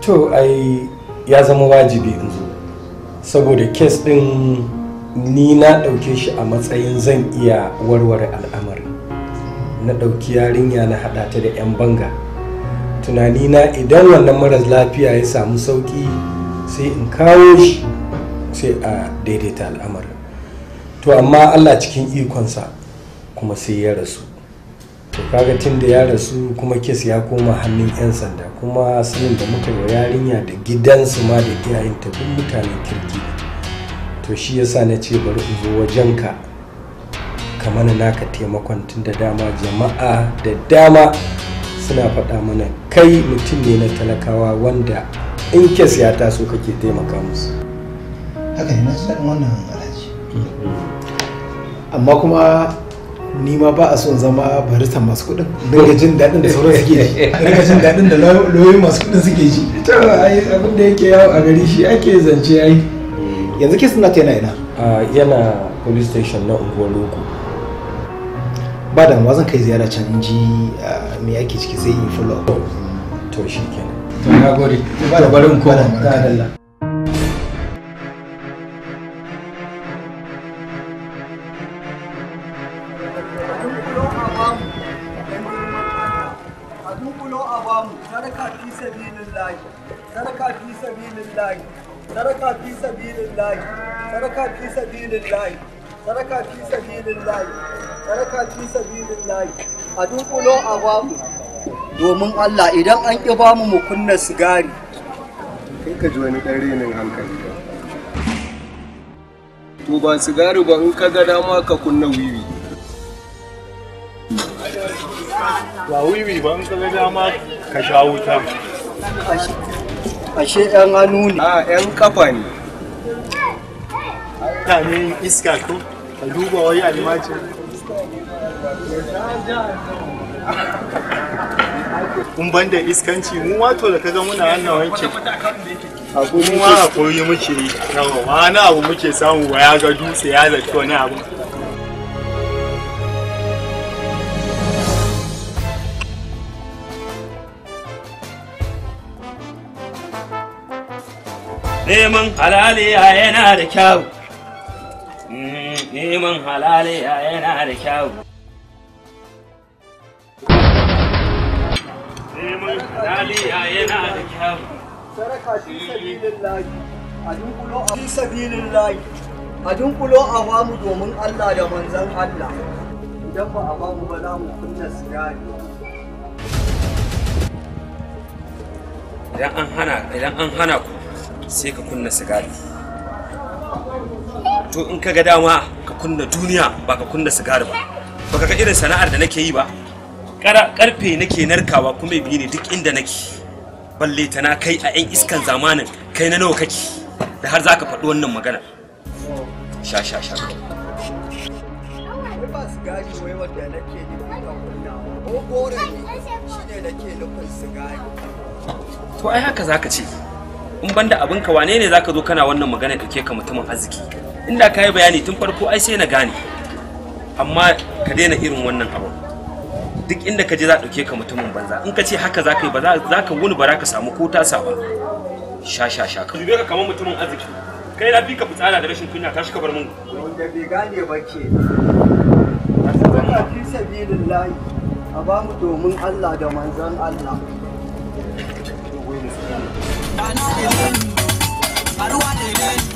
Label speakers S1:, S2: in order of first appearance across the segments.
S1: to ya zama wajibi in zo saboda kes din ni na dauke shi a matsayin zan iya warware al'amari na dauki yarinya na hada ta da 'yan banga tunani na idan wannan maras lafiya ya samu sauki sai in kawo shi sai a daidaita al'amarin to amma allah cikin ikonsa kuma sai ya rasu to kaga tun da ya rasu kuma kes ya koma hannun 'yan sanda kuma sanin da muka yi yarinya da gidansu ma da iyayen ta duk mutanen kirki to shi yasa na ce bari in zo wajen ka mana naka taimakon tun da dama jama'a da dama suna faɗa mana kai mutum ne na talakawa wanda in kes ya taso kake taimaka musu
S2: haka ne na san wannan alhaji
S1: mm-hmm. amma kuma ni ma ba a son zama barista masu kuɗin ga jin daɗin da sauran suke ji ga jin daɗin da lauyoyi masu kuɗin suke ji to ai abin da yake yawo a gari shi ake zance ai yanzu ke suna yana ina yana police station na unguwar loko ba damuwa zan kai ziyara can in ji me ake ciki sai in follow up to shi kenan to na gode ba da barin koma da Allah
S3: sabilillahi sadaka fi sabilillahi
S1: sadaka fi sabilillahi a dukulo a bamu
S3: domin Allah idan an ki bamu mu kunna sigari
S1: kai ka ji wani dan renin hankali to ba sigari ba in ka ga dama ka kunna
S3: wiwi ba wiwi ba in ka ga dama ka sha wuta ashe yan hannu ne a ah, yan kafa ne Mutanen iska ko ka duba wai almaci kun ban da iskanci mu wato da kaga muna wannan wanke mu ma a koyi muke yawa wani abu muke samu ba ya ga dutse ya zaci wani abu
S4: neman
S5: halaliya yana da kyau.
S3: neman halaliya yana da kyau
S6: neman halaliya
S3: yana da kyau saraka sabilin layi a dunkulo a fi a dunkulo a famu domin Allah da manzan Allah idan ba a famu ba za mu kunna sigari
S7: idan an hana ku sai ka kunna sigari to in ka ga dama ka kunna duniya ba ka kunna
S3: sigari ba ba ka ga irin sana'ar da nake yi ba karfe nake narkawa kuma biyu ne duk inda nake balle ta na kai a 'yan iskan zamanin kai na nawa kake da har za ka faɗi wannan magana
S1: sha sha sha
S4: to ai haka zaka ce in banda abinka wane ne zaka zo kana wannan magana kake ka mutumin arziki inda ka yi bayani tun farko ai sai na gane amma ka daina irin wannan abu duk inda ka je za ɗauke ka mutumin banza in ka ce haka za ka yi ba za ka wuni ba za ka samu ko tasa ba sha sha sha ka dube ka kamar mutumin arziki kai na bi ka fitsara da rashin kunya tashi ka bar mun wanda bai gane ba ke
S3: fi sabilillahi a ba mu domin Allah da manzon Allah I know it is.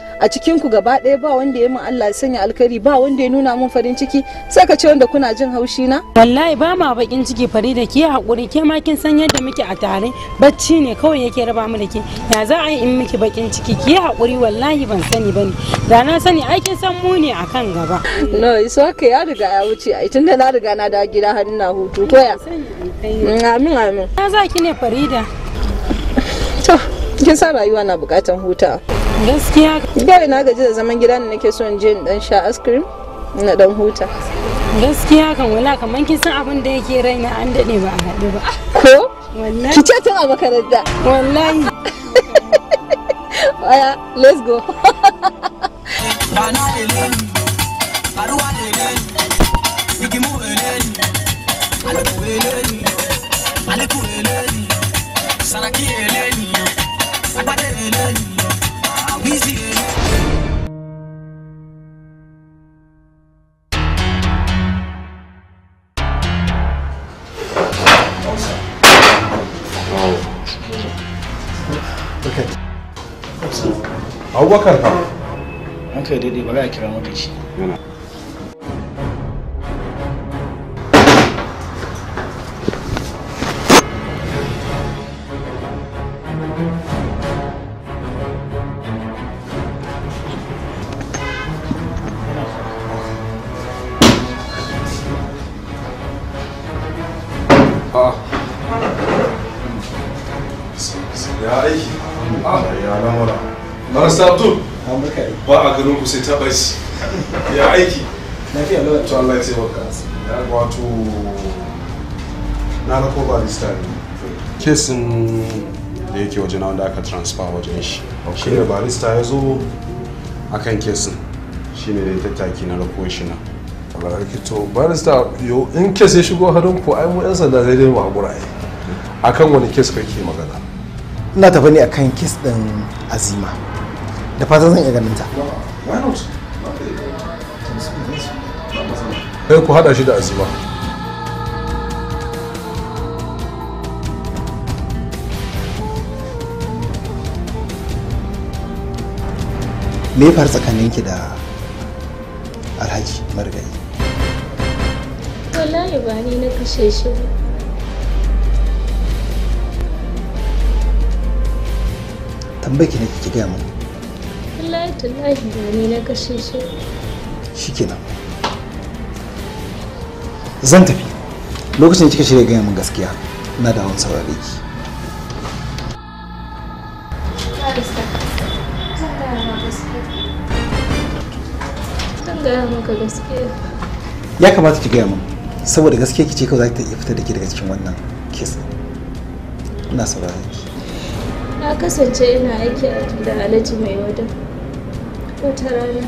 S8: a cikin ku gaba ɗaya ba wanda ya min Allah ya sanya alkhairi ba wanda ya nuna min farin ciki sai ka ce wanda kuna jin haushi na wallahi ba ma bakin ciki Farida ke hakuri ke ma kin san yadda muke a tare bacci ne kawai yake raba mu da ke ya za a yi in miki bakin ciki ke hakuri wallahi ban sani bane da na sani ai kin san mu ne akan gaba no iso ka ya riga ya wuce ai tunda na riga na da gida har ina hutu to ya mm, amin amin na za ki ne Farida to kin san rayuwa na bukatan hutawa. gaskiya gaskiya na gaji da zaman gida ne nake so in je in dan sha ice cream na dan huta gaskiya kan wala kaman kin san abin da yake raina an dade ba a haɗu ba ko wallahi ki ce tun a makaranta wallahi
S9: aya let's go
S4: Saraki eleni, abade
S5: eleni.
S1: abubakar ka an kai daidai ba za a kira maka shi
S7: lafiya lafiya to Allah ya taimaka wato na rakoba this time kesin da yake waje na wanda aka transfer wajen shi shi ne barista ya zo a kan kesin shi ne da ya
S1: tattaki
S2: na rako shi na to barista yo in kes ya shigo harin ku ai mu yan sanda zai dai mu hakura ai eh. akan wani kes ka ke magana
S1: ina tafi ne akan kes din azima da fatan zan iya ganin ta
S2: why not sai ku haɗa shi da azima
S7: me ya faru tsakaninki da alhaji marigayi
S10: wallahi ba ni na kashe shi ba
S1: tambayki ne ki gaya mu
S10: wallahi tallahi ba ni na kashe shi
S1: shikenan zan tafi lokacin da kika shirya gaya min gaskiya na da hawan saurare ki ya kamata ki gaya min saboda gaskiya ki kawai za ta iya fitar da ke daga cikin wannan kes ina sauraron ki
S10: na kasance ina aiki a da alaji mai ko ta rana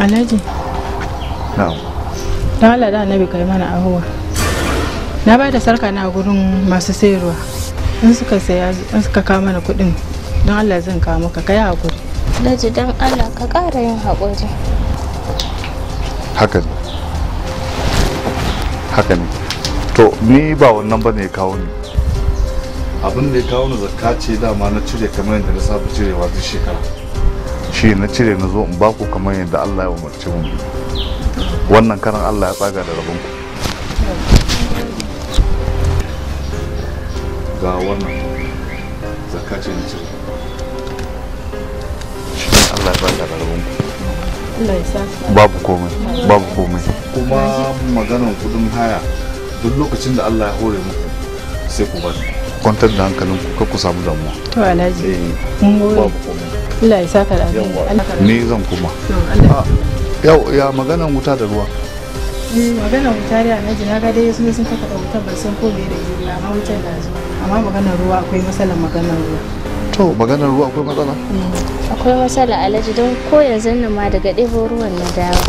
S8: alhaji na'am dan Allah da annabi kai mana ahuwa na ba da sarka na gurin masu sayarwa in suka saya in suka kawo mana kudin don Allah zan kawo maka kai hakuri alhaji dan Allah
S10: ka kara yin hakuri
S11: haka ne haka ne to ni ba wannan ba ne kawo ni abin da ya kawo ni zakka ce dama na cire kamar yadda na saba cirewa duk shekara shi na cire na zo in ba ku kamar yadda Allah ya umarci mu wannan karan Allah ya tsaga da rabon ku ga wannan zakacin ce na cire shi Allah ya tsaga da rabon
S5: ku babu komai babu komai
S11: kuma maganar kudin haya duk lokacin da Allah ya hore muku sai ku bari kwantar da hankalin ku ku samu damuwa
S8: to alhaji eh, Allah ya saka da ni zan
S11: kuma ah, yau ya maganan wuta da ruwa
S8: eh, maganar wuta da alhaji na ga sun sun wutar ban san ko da yi amma wutar da zuwa amma maganar ruwa akwai matsalar maganar ruwa
S11: to maganar ruwa akwai matsala mm.
S8: akwai matsala
S10: alhaji don ko yanzu nan ma daga ɗebo ruwan na dawo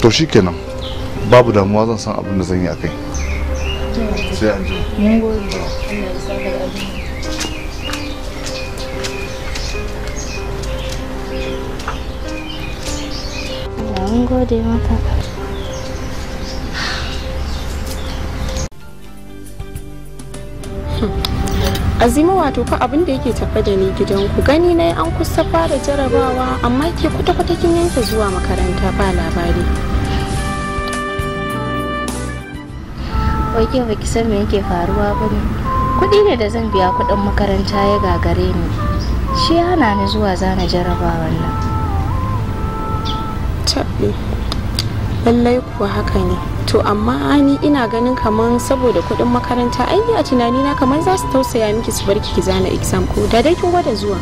S11: to shikenan babu damuwa zan san abin da zan yi akai
S10: sai an ji
S8: wato fa abin da yake tafa da ni gidanku gani na an kusa fara jarabawa amma ke kwata-kwata kin yanke zuwa makaranta ba labari
S10: wai ke baki san me yake faruwa ba ne kuɗi ne da zan biya kuɗin makaranta ya gagare ni shi yana ni zuwa zana jaraba
S8: wannan tabbi lallai kuwa haka ne to amma ni ina ganin kaman saboda kuɗin makaranta ai a tunani na kaman za su tausaya miki su barki ki zana exam ko da dai kin gwada zuwa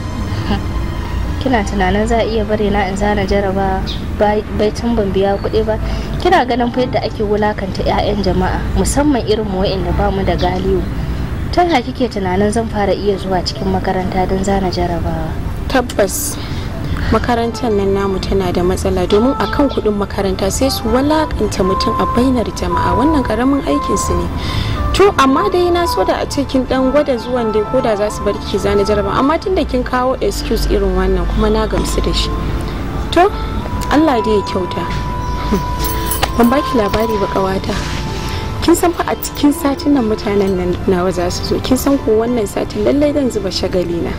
S8: kina
S10: tunanin za a iya bare na in zana jaraba bai ban biya kuɗi ba kina ganin fa yadda ake wulakanta 'ya'yan jama'a musamman irin wa'in da ba mu da galiyu tun ya kike tunanin zan fara iya zuwa cikin makaranta don zana jarabawa
S8: tabbas makarantar nan namu tana da matsala domin a kan kudin makaranta sai su walakanta mutum a bainar jama'a wannan karamin aikin su ne to amma dai na so da a cikin kin dan gwada zuwan dai ko da za su bar ki zana jaraba amma tun da kin kawo excuse irin wannan kuma na gamsu da shi to Allah dai ya kyauta ban ba ki labari ba kawata kin san fa a cikin satin nan mutanen nan nawa za su zo kin san ko wannan satin lallai zan zuba shagali na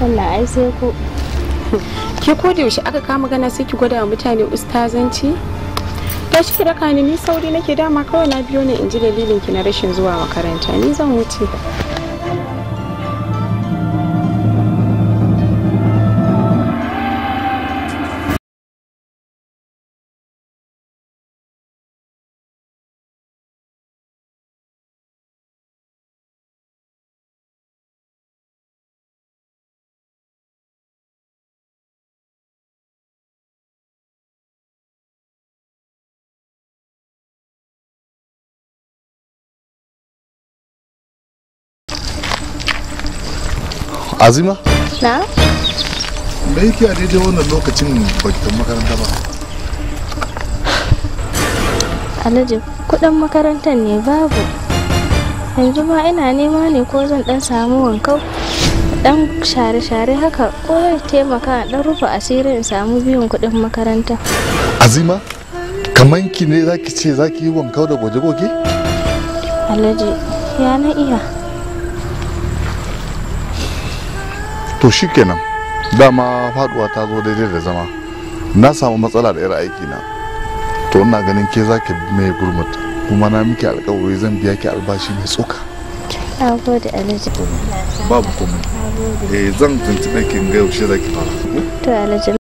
S8: wallahi ai sai ko ke ko da yaushe aka kama gana sai ki gwada wa mutane ustazanci ta shi kira ni ni sauri nake dama kawai na biyo ne in ji dalilin ki na rashin zuwa makaranta ni zan
S6: wuce azima na
S11: Me yake a daidai wannan lokacin bakitan makaranta ba
S10: alhaji kudin makarantar ne babu yanzu ma ina nema ne ko zan dan samu wankau dan share-share haka ko zai taimaka dan rufe asiri in samu biyan kudin makaranta
S11: azima kaman ki ne zaki ce zaki yi wankau da goje-goge
S10: alhaji ya na iya
S11: to shikenan dama faduwa ta zo daidai da zama na samu matsala da yara aiki na to ina ganin ke zaki mai gurmata kuma na miki alkawari zan biya ki albashi mai tsoka
S6: alhaji babu komai eh zan tuntube ki ga yaushe zaki fara to alhaji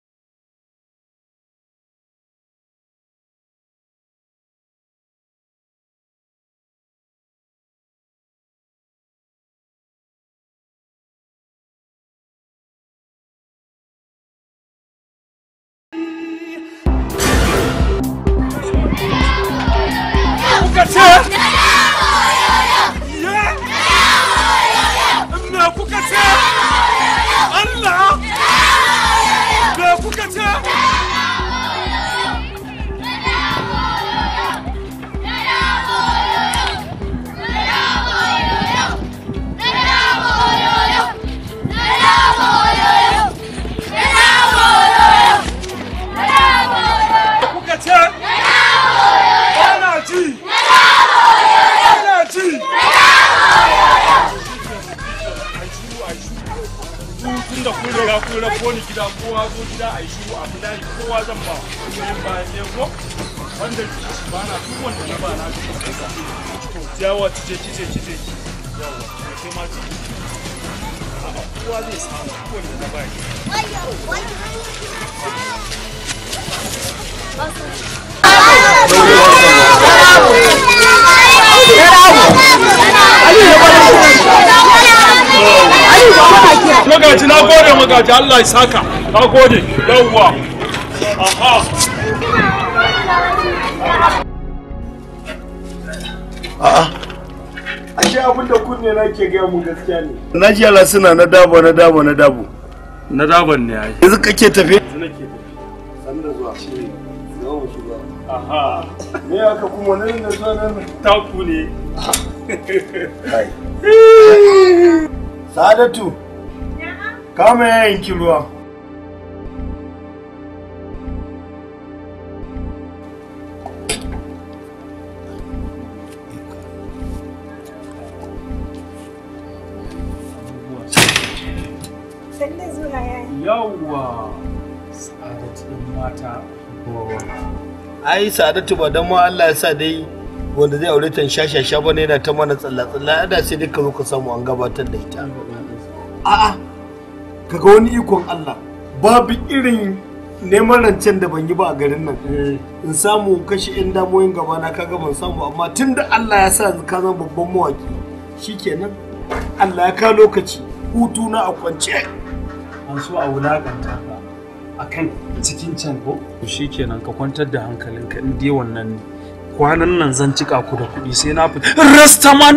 S4: da Allah ya saka na gode yawwa
S5: aha
S3: a'a ashe abin da kunne na ke gaya mu gaskiya ne na ji ala suna na dabo na dabo na dabo na daban ne ai yanzu kake tafe yanzu nake tafe da zuwa shi zuwa shiga aha me aka kuma nan da zuwa nan taku ne Sadatu. kama yayanki ruwa yawwa
S1: sa'adatu mata
S3: ai sa'adatu ba don ma Allah ya sa dai wanda zai aure ta shashasha ba ne na ta mana tsalla-tsalla da sai duka zo ka samu an gabatar da ita a'a kaga wani ikon Allah babu irin neman rancen da ban yi ba a garin nan eh. in samu kashe in damoyin gaba na kaga ban samu amma tun da Allah ya sa ka zama babban mawaki shikenan
S4: Allah ya ka lokaci hutu na a kwance an so a wulakanta ka kan cikin can ko shikenan ka kwantar da ka in dai wannan ne kwanan nan zan cika ku da kuɗi sai na fita rastaman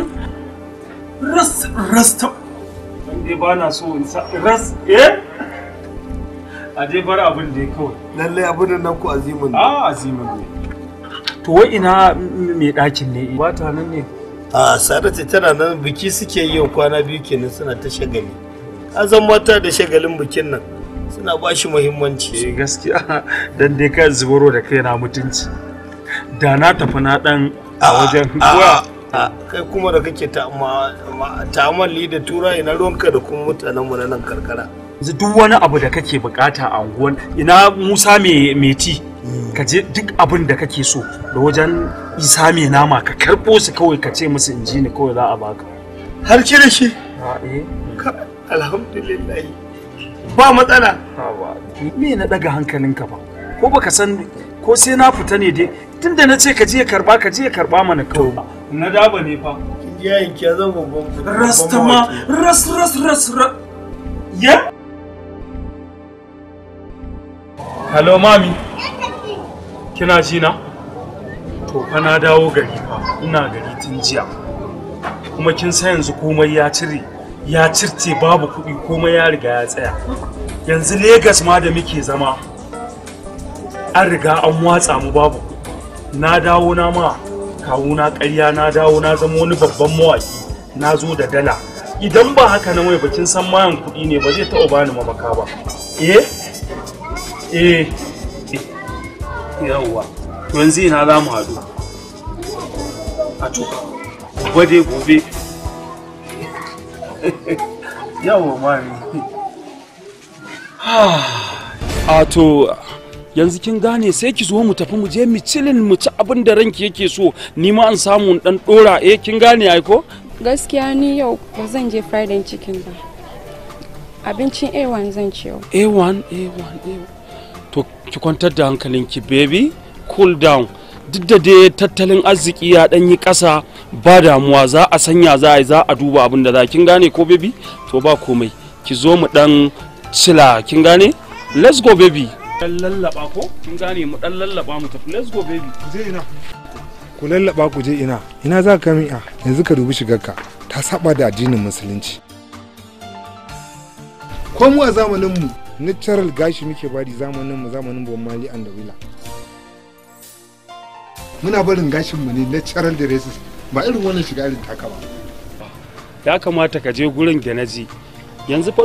S4: rastaman dai ba na so in ras eh a je bar abin da kawai lallai abin nan ku azimin ne ah azimin ne to wai ina me ɗakin ne ba ta nan
S3: ne a sarata tana nan biki suke yi kwana biyu kenan suna ta shagali azan mata da shagalin bikin nan suna
S4: ba shi muhimmanci eh, gaskiya dan dai ka zuburo da kai na mutunci da na tafi na dan a wajen
S3: kai kuma da kake ta'amalli da tura ina ruwanka da kuma mutanen mu na nan karkara
S4: yanzu duk wani abu da kake bukata a unguwan ina musa mai ci hmm. ka je duk abin da kake so da wajen isa mai nama ka karbo su kawai ka ce musu inji ne kawai za a baka har ki da shi eh. alhamdulillah ba matsala me na daga hankalinka ba ko baka san ko sai na fita ne dai tunda na ce ka je karba ka je karba mana kawai na daba ne fa yayin ki zan babban rasta ma ras ras ras ya Hello mami kina ji na to fa na dawo gari fa ina gari tun jiya kuma kin san yanzu komai ya cire ya circe babu kuɗi komai ya riga ya tsaya yanzu Legas ma da muke zama an riga an watsa mu babu na dawo na ma na ƙarya na dawo na zama wani babban mawaki na zo da dala idan ba haka na mai bakin san mayan kuɗi ne ba zai taɓa bani mamaka ba eh eh yawwa yanzu ina za mu haɗu a tuka gwade gobe yawwa mami a to yanzu kin gane sai ki zo mu tafi mu je mu cilin mu ci abin da ranki yake so ni ma an samu dan dora eh kin gane ai ko
S8: gaskiya ni yau ba zan je fried chicken ba abincin A1 zan ci yau A1 A1 A1
S4: to ki kwantar da hankalinki baby cool down duk da dai tattalin arziki ya dan yi kasa ba damuwa za a sanya za a yi za a duba abin da za kin gane ko baby to ba komai ki zo mu dan cila kin gane let's go baby dan lallaba ko kin gane mu dan lallaba mu tafi let's go baby je ina
S2: ku lallaba ku je ina ina za ka mi'a yanzu ka dubi shigarka ta saba da addinin musulunci ko mu a zamanin mu natural gashi muke bari zamanin mu zamanin bon mali and wila muna barin gashin mu ne natural dresses ba irin wannan shiga irin taka ba
S4: ya kamata ka je gurin ganaji yanzu fa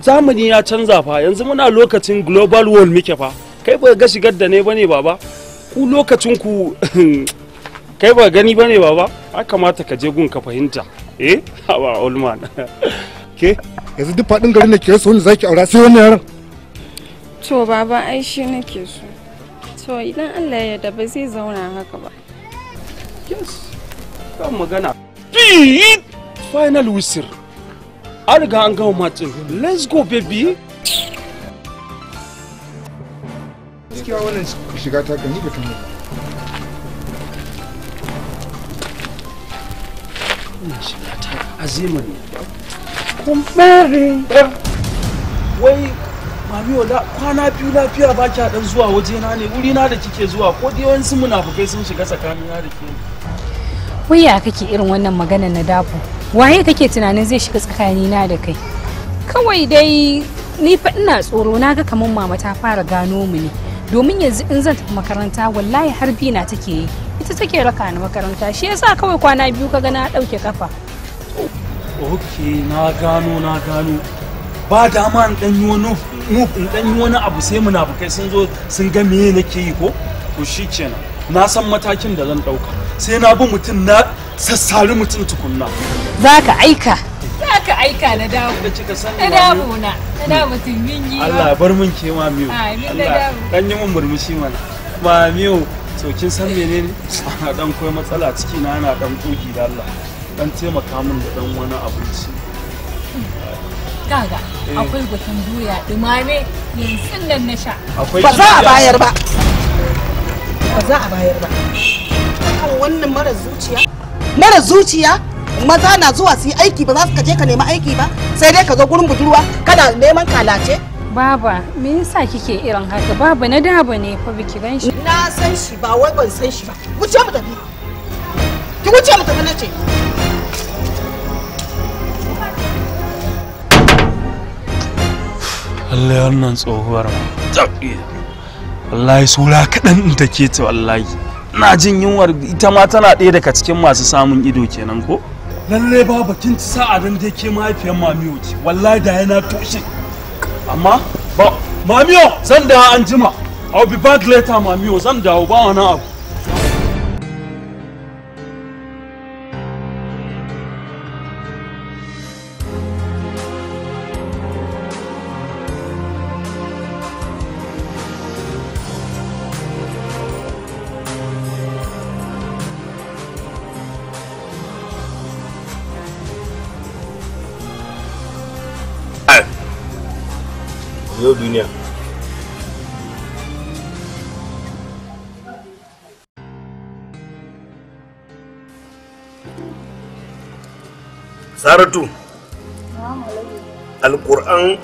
S4: zamani ya canza fa yanzu muna lokacin global world muke fa kai ba ga shigar da ne bane baba ku lokacin ku kai ba gani bane baba a kamata ka je gun ka fahimta eh ba olman ke
S2: yanzu duk fadin garin da ke so ne zaki aura sai wannan yaran
S8: to baba ai shi nake so to idan Allah ya yarda ba zai zauna haka ba yes
S4: kan magana final whistle an riga an gama matsin let's go baby
S2: gaskiya wannan shiga ta gani ba ta
S4: wannan shiga ta azima ne kumbere wai mami wala kwana biyu lafiya ba ki dan zuwa waje na ne wuri na da kike zuwa ko dai muna munafukai sun shiga tsakanina da ke
S12: wai ya kake irin wannan magana na dafo waye kake tunanin zai shiga tsakanina da kai kawai dai ni fa ina tsoro na ga kamar mama ta fara gano mu ne domin yanzu in zan tafi makaranta wallahi har bina take yi ita take raka ni makaranta shi yasa kawai kwana biyu kaga na dauke kafa
S4: ok na gano na gano ba dama in dan yi wani in dan yi wani abu sai munafukai sun zo sun ga me nake yi ko to kenan na san matakin da zan dauka sai na bi mutum na sassari mutum tukunna za ka aika
S12: za ka aika na dawo na dawo na na dawo min yi Allah bar
S4: mun ke ma miyo Allah dan yi mun murmushi mana ma miyo to kin san menene ana dan koyi matsala ciki na ana dan koki da Allah dan taimaka min da dan wani abinci
S12: kaga eh. akwai gutun doya dumame
S8: yanzu nan na sha
S12: ba za a bayar ba
S8: ba za a bayar ba kan wannan mara zuciya mara zuciya maza na zuwa su yi aiki ba za su kaje ka nemi aiki ba sai dai ka zo gurin budurwa kana neman kalace Baba, me
S12: yasa kike irin haka? Baba na daba ne fa biki gan shi. Na san shi
S8: ba wai ban san shi ba. Wuce mu tafi. Ki wuce mu tafi nace.
S4: Allah ya wannan tsohuwar Wallahi sura kaɗan take ta wallahi. Na jin yunwar ita ma tana ɗaya daga cikin masu samun ido kenan ko? lalle ba bakin ci sa'a dan dai ke mahaifiyar mamiyo ce wallahi da yana toshe amma ba mamiyo zan da an jima i'll be back later mamiyo zan dawo ba wani abu
S3: saratu alƙur'an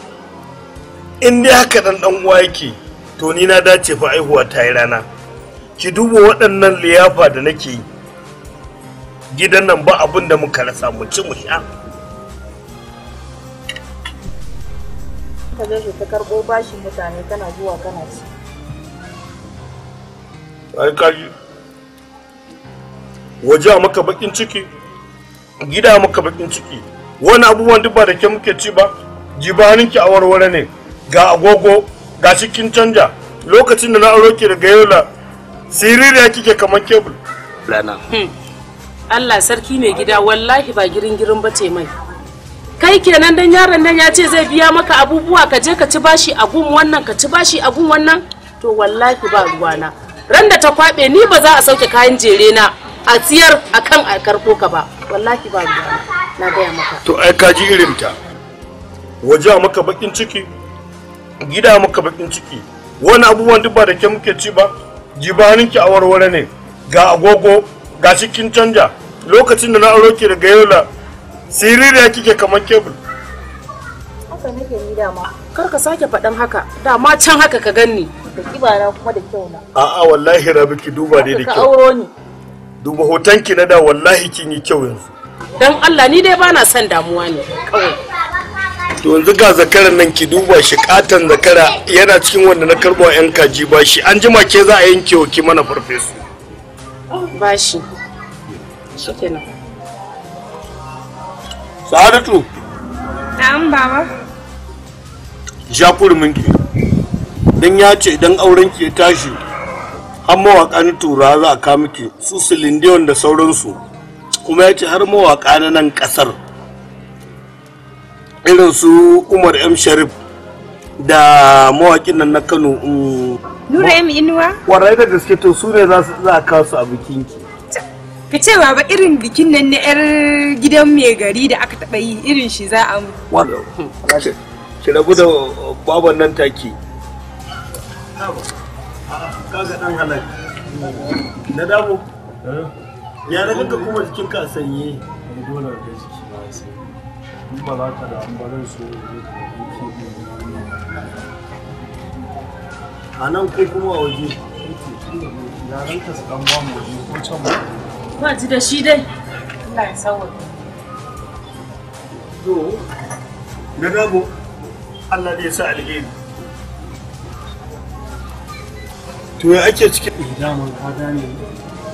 S3: in dai haka dan dan uwa yake to ni na dace fa aihuwa ta yi rana ki duba waɗannan liyafa da nake yi gidan nan ba abin da muka rasa mu ci mu sha
S8: ka je ta karɓo bashin mutane kana zuwa kana ci
S3: ai kaji waje maka bakin ciki gida maka bakin ciki wani abubuwan duk ba da ke muke ci ba jibaninki a warware ne ga agogo ga cikin canja lokacin da na aure ki daga yola siririya kike kamar kebul lana
S8: hmm. Allah sarki mai gida wallahi ba girin girin ba ce mai kai kenan dan yaron nan ya ce zai biya maka abubuwa ka je ka ci bashi a gun wannan ka ci bashi a gun wannan to wallahi ba ruwana ran da ta kwabe ni ba za a sauke kayan jere na a siyar akan a karko ka ba wallahi ba na gaya maka
S3: to ai ka ji irin ta waje maka bakin ciki gida maka bakin ciki wani abubuwan duk ba da ke muke ci ba jibaninki a warware ne ga agogo ga cikin canja lokacin da na aro ki daga yola siririya kike kamar kebul
S8: haka nake ni dama kar ka sake faɗan haka dama can haka ka ganni da kibara kuma da kyau na
S3: a'a wallahi rabi ki duba ne da kyau ka auro ni duba hotonki na da wallahi kin yi kyau yanzu
S8: dan Allah ni dai bana son damuwa ne
S3: to yanzu ga zakaran nan ki duba shi katan zakara yana cikin wanda na karbo yan kaji ba shi an jima ke za a yanke wa ki mana farfesu
S8: ba shi shikenan Sa'adatu na'am baba
S3: ja kurumin ki dan ya ce idan auren ki ya tashi an mawaka na turawa za a kawo miki su silindiyon da sauransu kuma ya ce har mawaka na nan kasar irin su umar m sharif da mawakin nan na kano um,
S8: nura m inuwa
S3: warai da gaske to su ne za a kawo su a bikinki
S8: ka ce ba irin bikin nan na 'yar gidan mai gari da aka taɓa yi irin shi za a mu.
S3: Wanda, ki rabu da baban nan take. kaga dan halak na dabo eh? ya na ganka kuma jikin ka sanye ne dole da jiki ba sai in ba za ka da an barin su a nan ko kuma waje yaran ka su dan ba mu waje ko can ba
S8: ba ji da shi dai Allah ya sauwa
S3: to na dabo Allah zai sa alheri
S4: to ya ake cikin eh, damar ka gane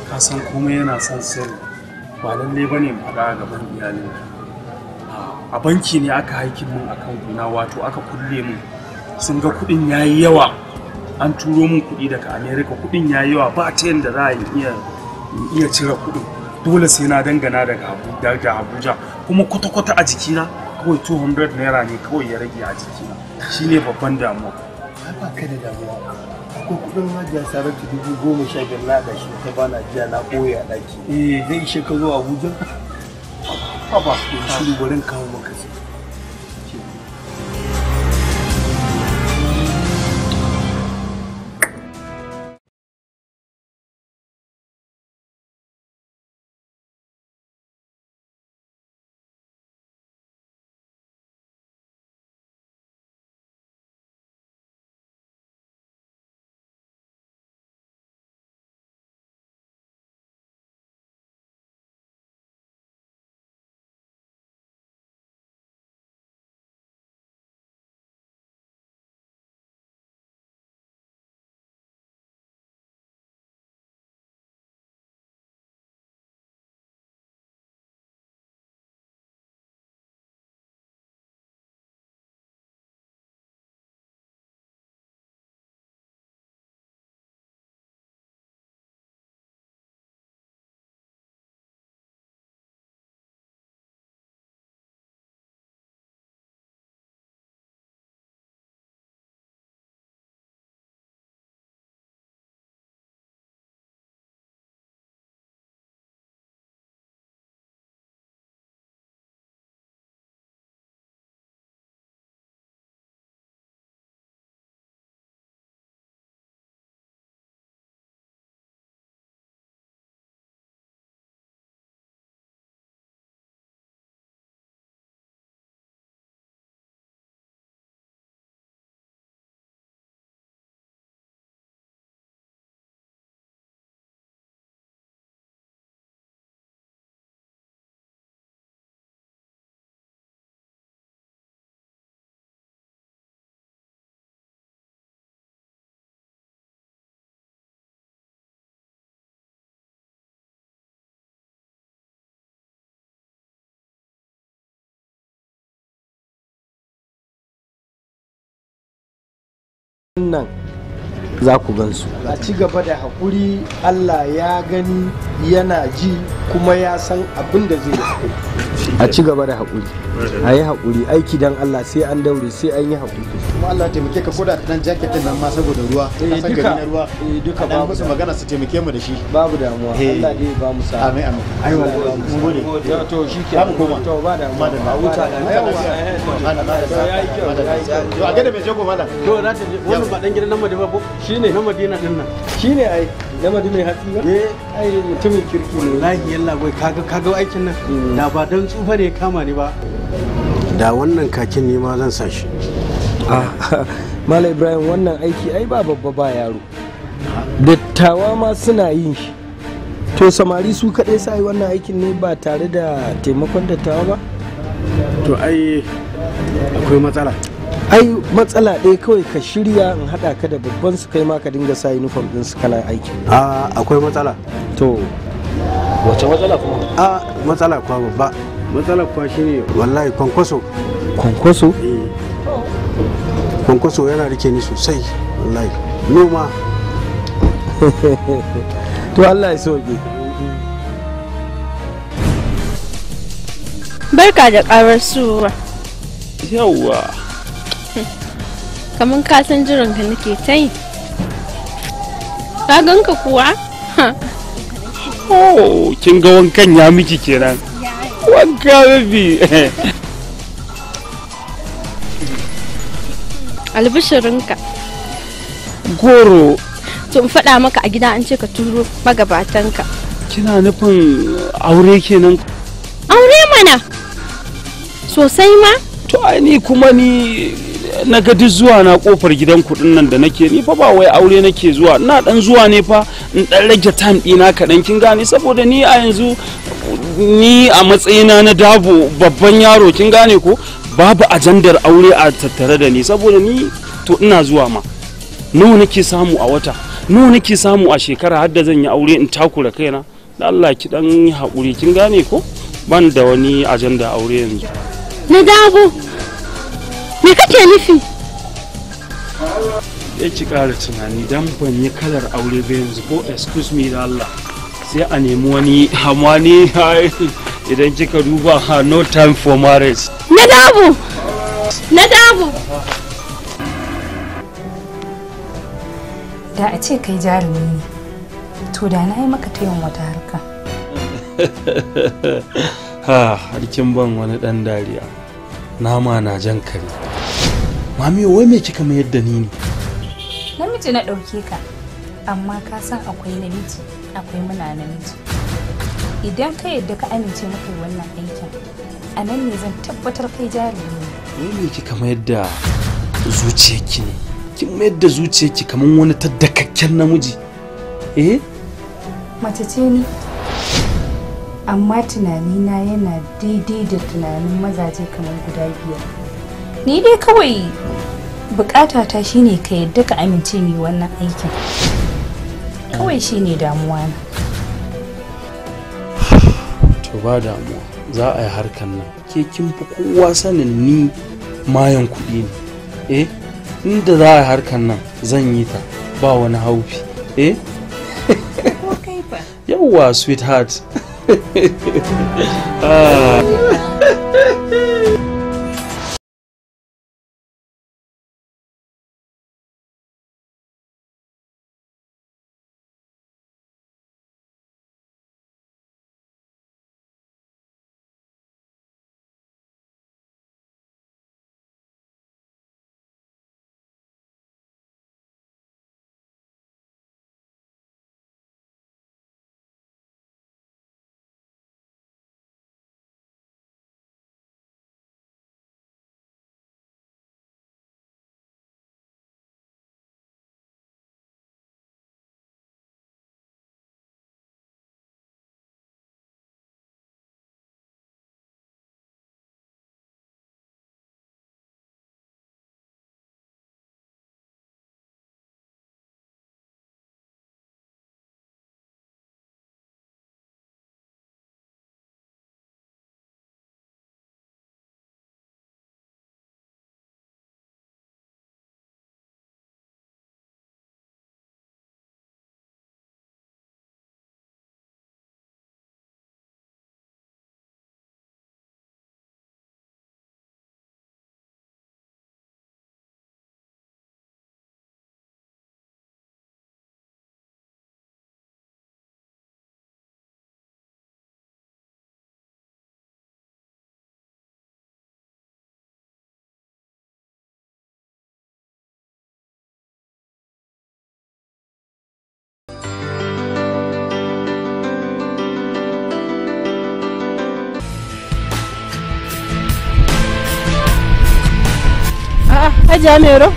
S4: ka san komai yana son sirri ba lalle bane mu ga gaban iyalin a banki ne aka haikin mun akan guna wato aka kulle mun sun ga kudin yayi yawa an turo mun kudi daga america kudin yayi yawa ba ta yanda za a iya iya cire kudin dole sai na dangana daga abuja kuma kwata-kwata a jikina kawai 200 naira ne kawai ya rage a jikina shine babban damuwa
S3: ba ka da damuwa ko kudin hajiya saratu dubu goma sha biyar na gashi ta bana jiya na koya a ɗaki eh zai ishe ka zo abuja ba ba shiru barin kawo
S6: maka sai nan za ku gansu a ci gaba da haƙuri allah ya gani
S1: yana ji kuma ya san abin da zai a ci gaba da haƙuri a yi haƙuri aiki don allah sai an daure sai an yi haƙuri kuma allah taimake ka koda ta nan jaketin nan ma saboda ruwa eh, duka na ruwa eh, duka ba musu magana su taimake mu da shi babu damuwa eh. allah dai ba mu sa amin amin ai wa mun gode to shi ke mu koma to ba da ma da huta ya yi kyau a
S2: mai to na
S1: ta wannan ba dan gidan nan da ba shi shine na madina din nan shine ai na madina mai hatsi ba eh ai mutumin kirki ne lahi yalla bai kaga kaga aikin nan hmm. da ba dan tsufa ne kama ni ba da wannan kakin ne ma zan sa shi ah, Mala Ibrahim wannan aiki ai ba babba ba yaro dattawa ma suna yin shi to samari su kaɗai sa yi wannan aikin ne ba tare da taimakon dattawa ba to ai akwai matsala ai matsala ɗaya kawai ka shirya in haɗa ka da babban su kai ma ka dinga sa uniform din su kana aiki a akwai matsala to wace matsala kuma a matsala kuwa babba matsala kuwa shine wallahi kwankwaso kwankwaso eh. kwankwaso yana rike ni sosai wallahi noma to Allah ya soke
S8: barka da karar
S4: suwa yawwa
S8: kamar ka san jiran ka nake ta yi ka ka kuwa
S4: oh kin ga wankan ya miki kenan wanka baby
S8: albishirinka goro to in faɗa maka a gida an ce ka turo magabatanka
S4: kina nufin aure kenan
S8: aure mana
S4: sosai ma to ni kuma ni na ga duk zuwa na kofar gidan kuɗin nan da nake ni fa ba wai aure nake zuwa ina ɗan zuwa ne fa in dan rage time ɗina kaɗan kin gane saboda ni a yanzu ni a matsayina na dabo babban yaro kin gane ko babu ajandar aure a tattare da ni saboda ni to ina zuwa ma nawa nake samu a wata nawa nake samu a shekara har da zan yi aure in takura kaina da Allah ki dan haƙuri kin gane ko ban da wani ajanda aure yanzu
S8: na dabo me kake nufi
S4: ya ci ƙara tunani don ban yi kalar aure ba yanzu ko excuse me da Allah sai a nemi wani hamani idan kika duba no time for marriage
S8: na dabu
S5: na dabu
S12: da a ce kai jarumi ne to da na yi maka tayin wata harka
S4: ha harkin ban wani dan dariya nama na jan kare mami wai me kika mayar da ni ne
S12: namiji na ɗauke ka amma ka san akwai namiji akwai muna namiji idan ka yadda ka amince maka wannan aikin a nan ne zan tabbatar kai jarumi
S4: wai me kika mayar da zuciyarki ne kin mayar da zuciyarki kamar wani taddakakken namiji eh
S12: mace ce ni amma tunanina yana daidai da tunanin mazaje kamar guda biyar ni dai kawai bukata ta shine ka yadda ka amince ni wannan aikin kawai shine damuwa na
S4: to ba damuwa za a yi harkan nan ke kin fi kowa sanin ni mayan kuɗi ne eh inda za a yi harkan nan zan yi ta ba wani haufi eh yawwa
S6: sweetheart ah.
S8: Hajiya Mero.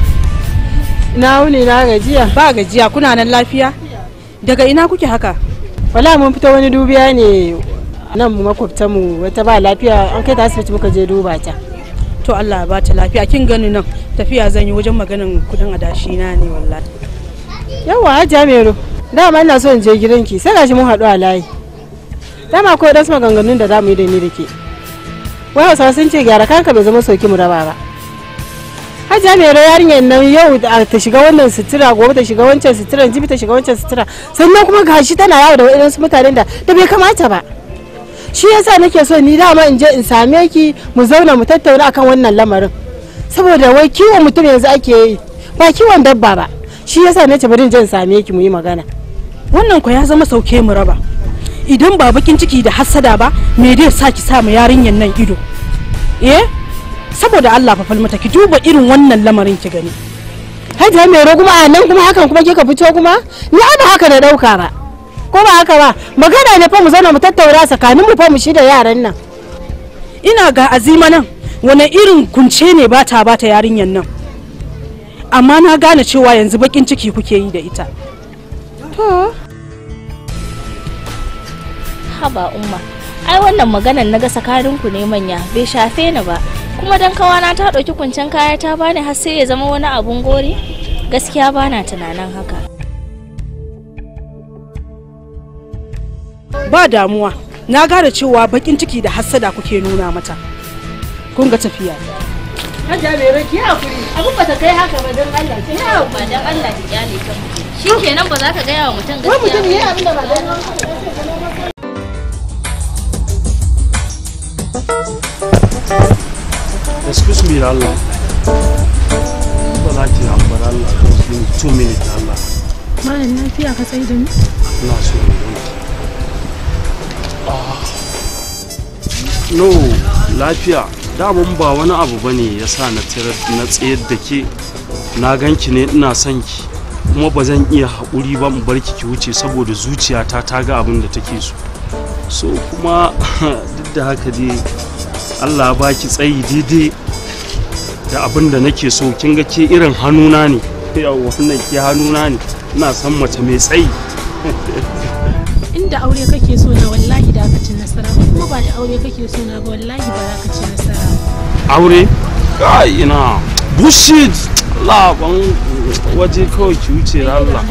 S8: Na wuni na gajiya. Ba gajiya kuna nan lafiya? Daga ina kuke haka? Wala mun fita wani dubiya ne nan makwabtan mu wata ba lafiya an kai ta asibiti muka je duba ta. To Allah ba ta lafiya kin gani nan tafiya zan yi wajen maganin kudin adashi na ne wallahi. Yawa Hajiya Mero. Dama ina so in je gidanki sai gashi mun haɗu a layi. Dama akwai wadansu maganganun da za mu yi da ni da ke. Wai hausawa sun ce gyara kanka bai zama soki mu raba ba. hajiya mai da yarinyar nan yau ta shiga wannan sutura gobe ta shiga wancan sutura jibi ta shiga wancan sutura sannan kuma gashi tana yawo da su mutanen da da bai kamata ba shi yasa nake so ni dama in je in same ki mu zauna mu tattauna akan wannan lamarin saboda wai kiwon mutum yanzu ake yi ba kiwon dabba ba shi yasa nace bari in je in same ki mu yi magana wannan ko ya zama sauke mu raba idan ba bakin ciki da hassada ba me dai sa ki sa mu yarinyar nan ido eh saboda Allah fa falmata ki duba irin wannan lamarin ki gani hajiya mai ro kuma nan kuma hakan kuma ka fito kuma ni ana haka na dauka ba ko ba haka ba magana ne fa mu zauna mu tattaura tsakanin mu fa mu shi da yaran nan ina ga azima nan wani irin kunce ne ba ta ba ta yarinyan nan amma na gane cewa yanzu bakin ciki kuke yi da ita
S10: to haba umma ai wannan maganan na ga sakarinku ne manya bai shafe ni ba kuma dan kawana ta ɗauki kuncin kaya ta bani har sai ya zama wani abun gori gaskiya
S8: bana tunanin haka ba damuwa na gane cewa bakin ciki da hassada kuke nuna mata kun ga tafiya Hajja mai raki ya kuri abin ba ta kai haka ba dan Allah ki ya ba dan Allah ki kyale ta shi
S10: kenan ba za ka ga wa mutum gaskiya ba mutum ya abin da ba
S5: don
S4: excuse me Allah ki Allah two minutes Allah
S8: malam lafiya ka tsaye da ni
S4: so ne ah. no lafiya ba wani abu bane ya sa na na tsayar da ke na ganki ne ina son ki kuma ba zan iya haƙuri ba mu bar ki ki wuce saboda zuciyata ta ga abin da take so so kuma duk da haka dai allah ba ki tsayi daidai da abin da nake so kin ga ce irin hannuna ne yawa wannan ke hannuna ne ina san mace mai tsayi
S8: inda aure kake so na wallahi da aka ci nasara kuma ba da aure kake so na ba wallahi ba za ka ci
S4: nasara aure kai ina bushid laban waje kawai ki wuce Allah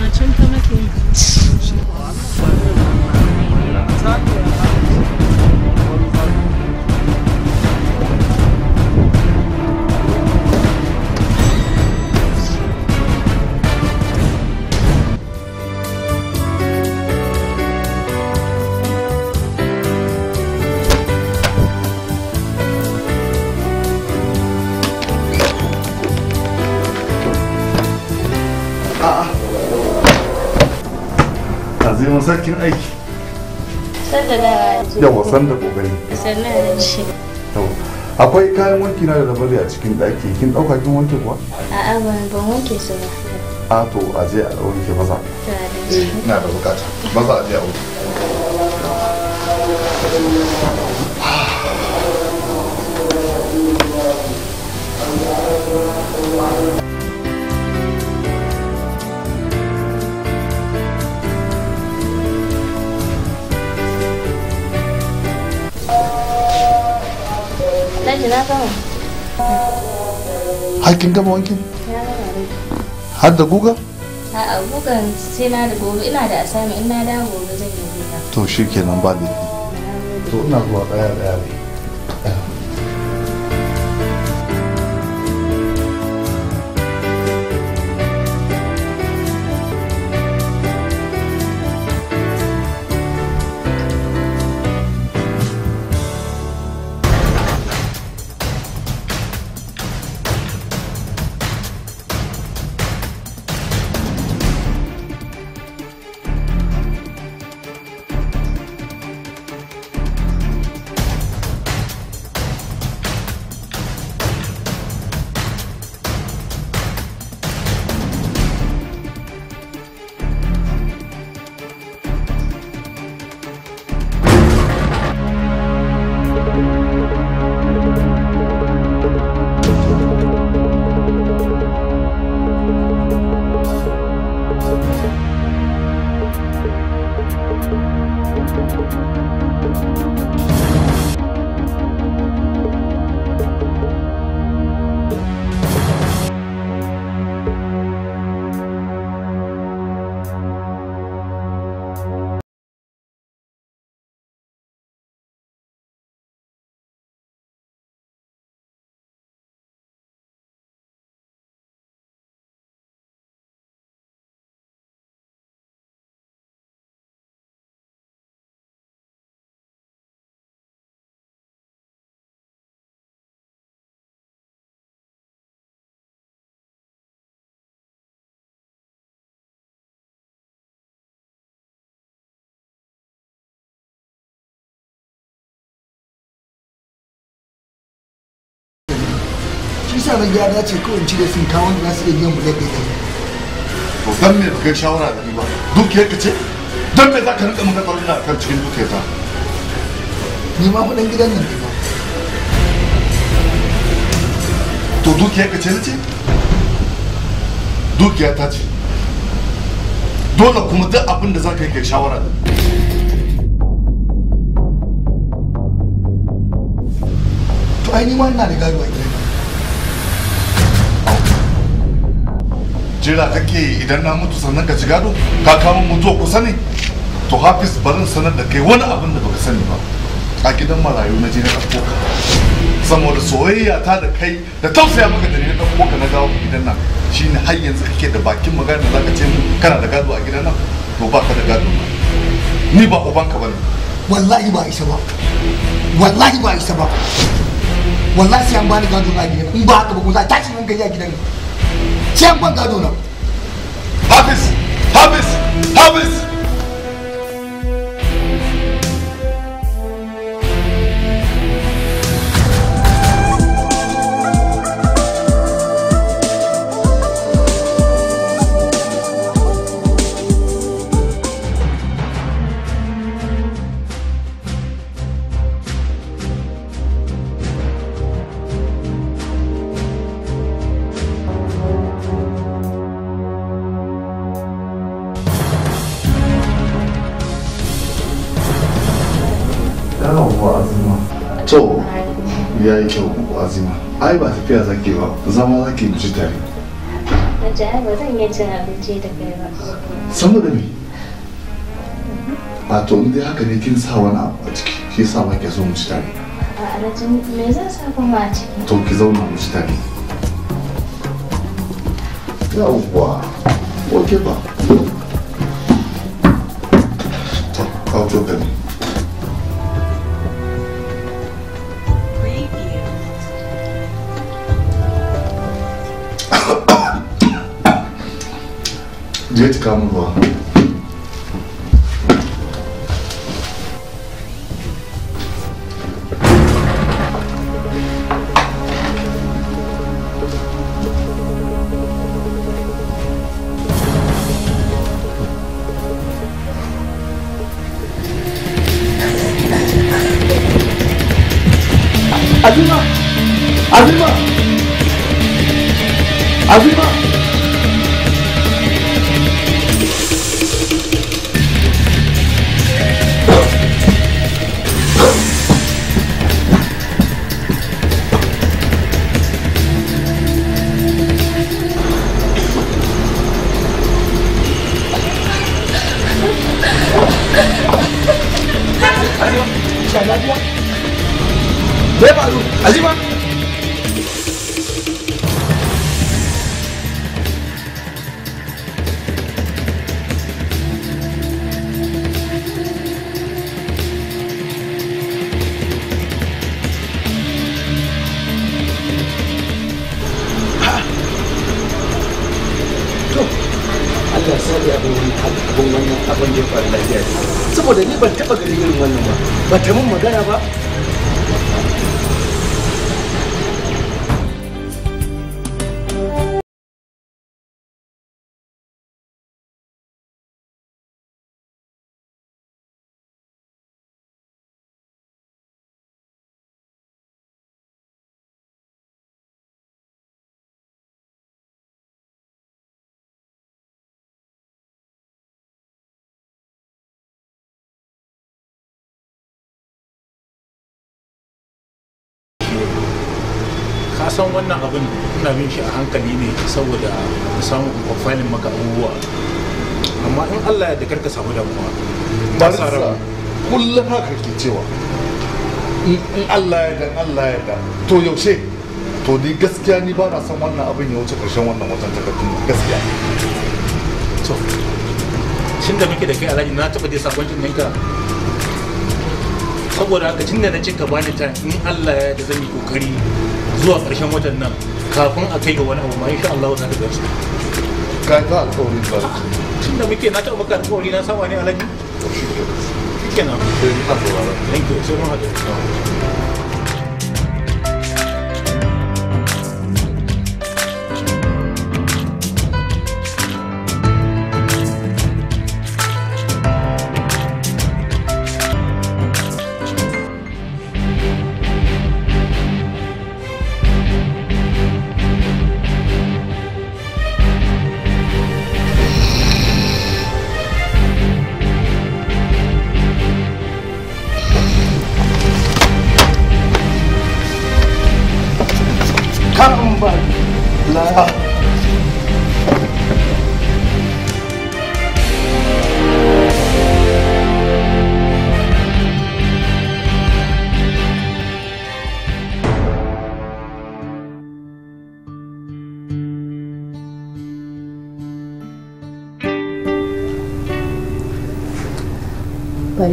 S11: sarkin aiki
S10: sanda da yawa da kokari
S11: sannan shi akwai kayan wanki na da na a cikin daki kin dauka kin wanke kuwa
S10: a'a ban wanke su ba
S11: a to a je a wanke maza ina da bukata maza a je a wanke
S10: wanki na gama.
S11: Har kin gama wankin? Har da guga?
S10: A'a gugan sai na da gobe ina da asami ina da gobe zan yi guga.
S11: To shi kenan ba da To ina zuwa tsaya da ne.
S6: yaran gida na ce kawai cire sun kawo da su iya biyan mu yadda ya
S11: to dan me baka shawara da ni ba duk ka kace dan me zaka rinka mun tsaro ina kan cikin duke ta ni ma fadan gidan nan ne ba to duk ka kace ne ce duk ya tace dole kuma duk abin da zaka yi kai shawara da
S3: to ai ni ma ina da gado
S11: a jira kake idan na mutu sannan ka ci gado ka kama mutu kusa ne to hafiz barin sanar da kai wani abin da baka sani ba a gidan marayu na je na ɗauko saboda soyayya ta da kai da tausaya maka da ne na ɗauko na gawo gidan nan shine har yanzu kake da bakin magana da zaka ce mu kana da gado a gidan nan to baka da gado ni ba ubanka bane wallahi ba isa ba wallahi ba isa ba wallahi sai an bani
S1: gado a gidan in ba haka ba ko za ta ci mun gaji a gidan nan ¡Ciampa en cada uno!
S11: ¡Habes! ¡Habes! ¡Habes! ya yi kyau azima ai ba tafiya zake ba zama zake mu ci tare Saboda me? A to dai haka ne kin sa wani abu a ciki shi sa ba ke so mu ci tare. To ki zauna mu ci tare. ko ke Дети мыла.
S9: Azuma! Azuma! Azuma!
S6: yin shi a hankali ne saboda samun kwafanin maka abubuwa
S2: amma in allah ya karka samu damuwa ba sa rabu
S11: kullum haka ke cewa in allah ya dan allah ya dan to yaushe to ni gaskiya ni ba na san wannan abin ya wuce karshen wannan watan takardun gaskiya to shin da
S2: muke da kai alhaji na taba dai sakoncin ninka saboda haka tun da na cika bani ta in allah ya da zan yi kokari zuwa karshen watan nan kalau pun aku ingin orang rumah, insyaAllah orang ada gas. Kata aku orang ingin balik. Cinta mikir nak cakap makan kau lina sawah ni alam oh, lah. ni. Kenapa? Thank you. Terima kasih. Terima kasih.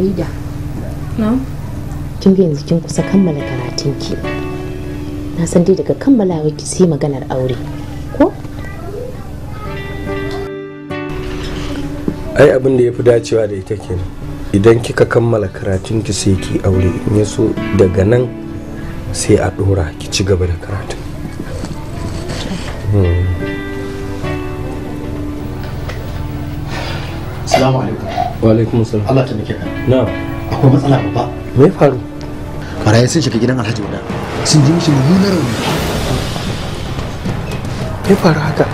S8: farida kin ga yanzu kin kusa kammala karatun ki na san dai daga kammalawa ki sai maganar aure ko
S1: ai abin da ya fi dacewa da ita kenan idan kika kammala karatun ki sai ki aure in ya so daga nan sai a dora ki ci gaba da karatun Assalamu hmm. alaikum. wa alaikum salam Allah ta nake ka na'am akwai matsala babba me faru barayi sun shiga gidan Alhaji Wada sun ji mishi mummunar rauni me faru haka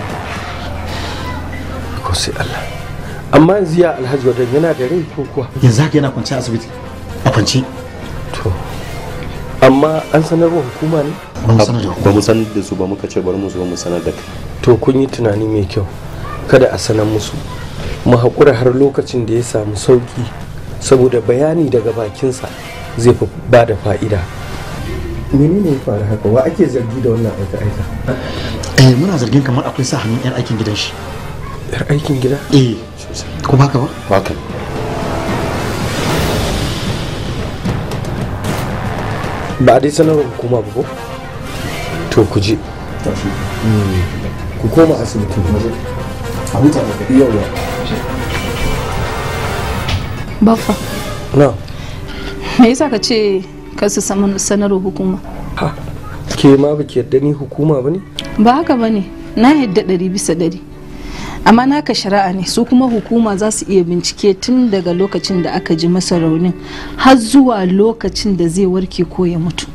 S1: ko sai Allah amma yanzu ya Alhaji Wada yana da rai ko kuwa yanzu haka yana kwance asibiti a kwance to amma an sanarwa hukuma ne ba mu sanar da su ba muka ce bari mu zo mu sanar da kai to kun yi tunani mai kyau kada a sanar musu mu haƙura har lokacin da ya samu sauƙi saboda bayani daga bakinsa zai fi ba da fa'ida menene ya faru haka wa ake zargi da wannan aika aika eh muna zargin kamar akwai sa hannun yar aikin gidan shi yar aikin gida eh ko baka ba baka ba dai sanarwa hukuma ba ko to ku je hmm. ku koma asibiti yau Baffa. Na.
S8: Me yasa ka ce ka su sanar hukuma?
S1: Ha. Ke ma ba ki yarda ni hukuma ba ne?
S8: Ba haka ba ne. Na yarda ɗari bisa ɗari. Amma naka shari'a ne su kuma hukuma za su iya bincike tun daga lokacin da aka ji masa raunin har zuwa lokacin da zai warke ko ya mutu.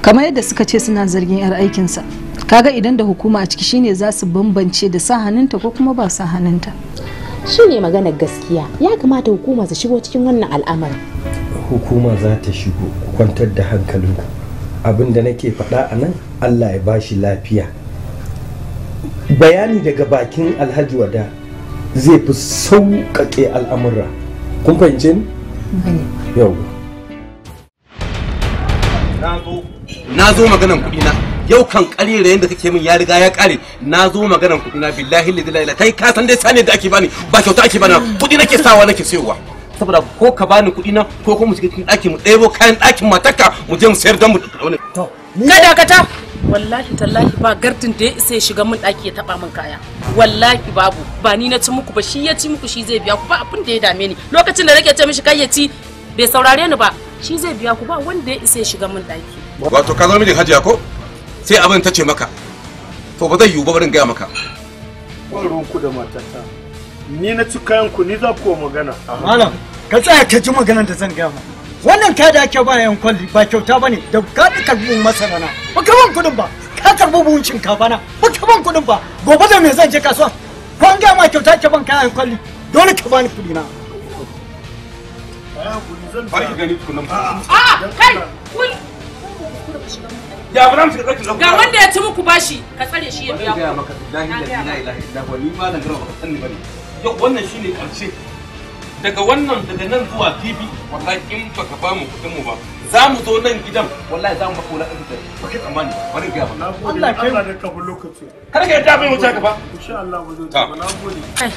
S8: Kamar yadda suka ce suna zargin 'yar aikinsa. kaga idan da hukuma a ciki shine za su bambance da sa hannunta ko kuma ba sa hannunta. ne maganar gaskiya ya kamata hukuma su shigo cikin wannan al'amari
S1: hukuma za ta shigo kwantar da hankali abin da nake faɗa a nan allah ya ba shi lafiya bayani daga bakin alhaji wada zai fi sauƙaƙe al'amura kun fahimce ni yau na zo maganan kuɗi na yau kan kare da kake min ya riga ya ƙare na zo maganar kuɗi na billahi lillahi kai ka san dai sani da ake bani ba kyauta ake bani kuɗi nake sawa nake sayowa saboda ko ka bani kuɗi na
S4: ko kuma mu shiga cikin ɗakin mu ɗebo kayan ɗakin matarka mu je mu sayar don mu to ka dakata
S8: wallahi tallahi ba gardin da ya isa ya shiga min ɗaki ya taɓa min kaya wallahi babu ba ni na ci muku ba shi ya ci muku shi zai biya ku ba abin da ya dame ni lokacin da nake ce mishi kai ya ci bai saurare ni ba shi zai biya ku ba wanda ya isa ya shiga min ɗaki
S2: wato ka zama mijin hajiya ko sai abin ta ce maka to ba zai yiwu ba barin gaya maka
S3: ku da
S1: matata ni na ci kayan ku ni za ku magana malam ka tsaya ka ji maganar da zan gaya ma wannan ka da ake ba yan kwalli ba kyauta bane da ka da karbin masana na ba ka ban kudin ba ka karbi buhun shinkafa na ba ka ban kudin ba gobe da me zan je kasuwa ko an gaya ma kyauta ke ban kayan kwalli dole ka bani kudi na
S4: Ah, gani tukunan. A'a!
S8: Kai! Kuli!
S4: Ya ba mu shiga Ga wanda ya
S8: ci muku bashi ka tsare shi ya biya. Ga
S4: maka billahi la ilaha illa huwa ni ma nan garba ka ni bane. Yau wannan shine karshe. Daga wannan daga nan zuwa TV wallahi in baka ba mu kudin mu ba za mu zo nan gidan wallahi za mu baka wala ɗin da ba kai tsammani bari ga ba. Allah
S3: kai Allah ka kafin lokaci.
S8: Kar ka yadda bai wuce ka ba.
S4: Insha Allah mu zo ta.
S3: Na
S8: gode. Kai.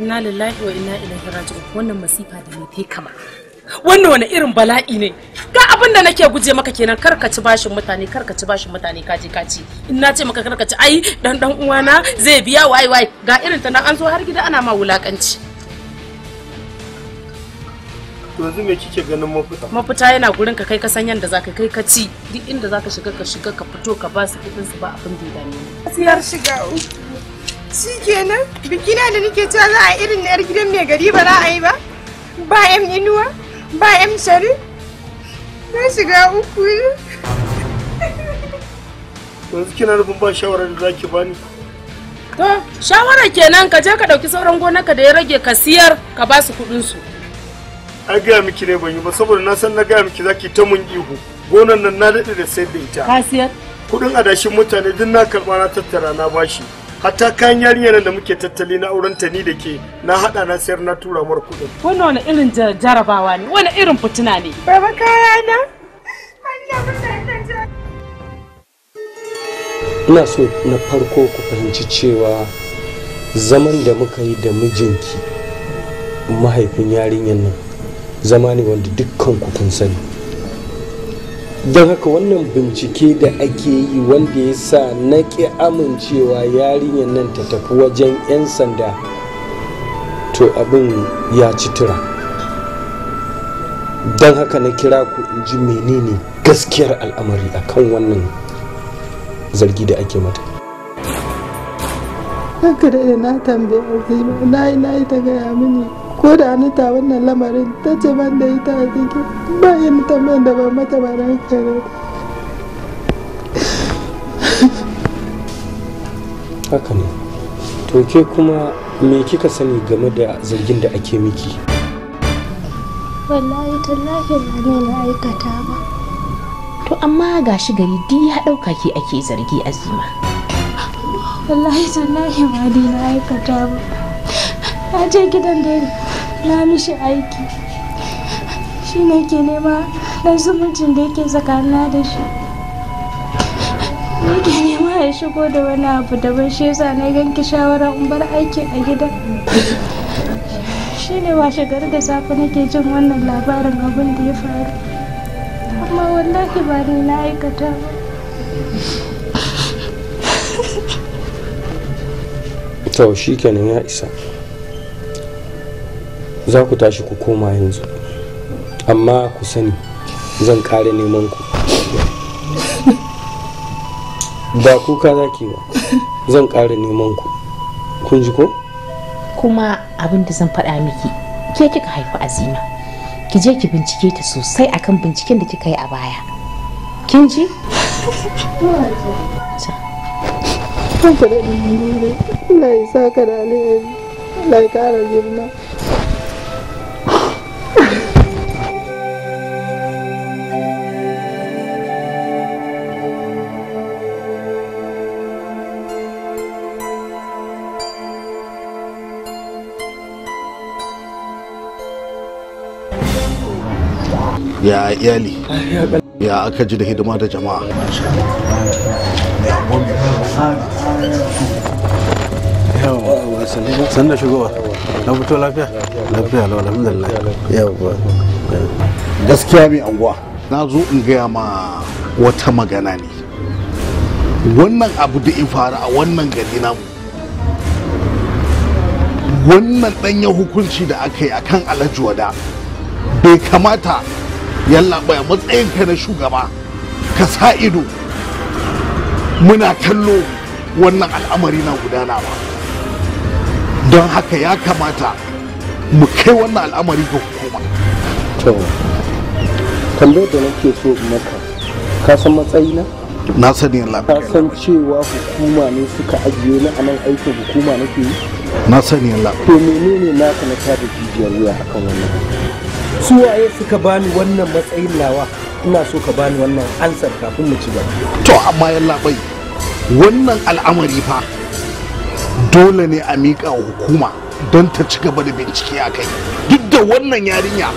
S8: Inna lillahi wa inna ilaihi raji'un wannan masifa da ne kai kama. wannan wani irin bala'i ne ga abin da nake guje maka kenan karkaci bashin mutane karkaci bashin mutane kaji kaci in na ce maka karkaci ai dan dan uwana zai biya wai wai ga irin ta nan an zo har gida ana ma wulakanci
S5: to
S3: yanzu me kike ganin mafuta
S8: mafuta yana gurin ka kai ka san yanda zaka kai ka ci duk inda zaka shiga ka shiga ka fito ka ba su kudin su ba abin da ya dame ni siyar shiga shikenan bikina da nake cewa za a irin na yar gidan mai gari ba za a yi ba bayan inuwa
S9: ba yan shari na shiga uku
S3: yanzu kina nufin ba shawarar da zaki bani
S9: to shawara
S8: kenan ka je ka dauki sauran gonarka da ya rage ka siyar ka ba su kudin su a gaya
S3: miki ne ban yi ba saboda na san na gaya miki zaki ta mun ihu gonan nan na daɗe da sayar da ita ka siyar kudin adashin mutane duk na karɓa na tattara na bashi hatta kayan yarinyar da muke tattali na auren ta ni da ke na hada na sayar na tura mar kudi
S8: Wannan wani irin jarabawa ne, wani irin fitina ne. Baba kaya na?
S1: Ina so na farko ku fahimci cewa zaman da muka yi da mijinki mahaifin yarinyar nan zama ne wanda dukkan ku kun sani. don haka wannan bincike da ake yi wanda ya sa na ƙi amincewa yarinyar nan ta tafi wajen 'yan sanda to abin ya ci tura don haka na kira ku in ji menene gaskiyar al'amari a kan wannan zargi da ake mata
S5: haka da na tambaya
S8: na yi ta gaya mini ko da ni ta wannan lamarin ta ce ban da ita a cikin ba yin tambayan da ba mata ba na kare
S1: haka ne to ke kuma me kika sani game da zargin da ake miki
S10: wallahi tallahi ba ne na aikata ba
S8: to amma gashi gari di ya
S9: dauka ke ake zargi azima
S10: wallahi tallahi ba ne na aikata ba na je gidan da na mishi aiki shi ne ke nema na zumuncin da yake tsakanina da shi ne ke nema ya shigo da wani abu daban shi yasa na ganki shawara in bar aikin a gida shi ne washe gari da safe nake jin wannan labarin abin da ya faru amma wallahi ba ni na aikata
S1: to shi kenan ya isa za ku tashi ku koma yanzu amma ku sani zan kare neman ku ba kuka za ki ba zan kare neman ku kun ji ko
S8: kuma abin da zan faɗa miki ke kika haifi azima ki je ki bincike ta sosai akan binciken da kika yi a baya kin ji Ina isa ka da alheri, lai kara girma.
S2: ya iyali ya aka ji da hidima da jama'a
S1: san da shigowa na fito lafiya lafiya lau alhamdulillah yawwa
S3: gaskiya mai anguwa na zo in gaya ma wata magana ne wannan abu da in faru a wannan gari namu wannan danyen hukunci da aka yi akan alhaji wada bai kamata yalla bai matsayinka na shugaba ka sa ido muna kallo wannan al'amari na gudana ba don haka ya kamata mu kai wannan al'amari ga hukuma to
S1: tambayar da nake so maka ka san matsayina na sani lafiya ka san cewa hukuma ne suka ajiye ni a nan aikin hukuma nake yi
S3: na sani lafiya to
S1: menene naka na tada jijiyar wuya akan wannan su waye suka bani wannan matsayin nawa ina so ka bani wannan ansar kafin mu ci gaba to amma yalla bai wannan al'amari fa dole ne a miƙa
S3: wa hukuma don ta ci gaba da bincike a kai duk da wannan yarinya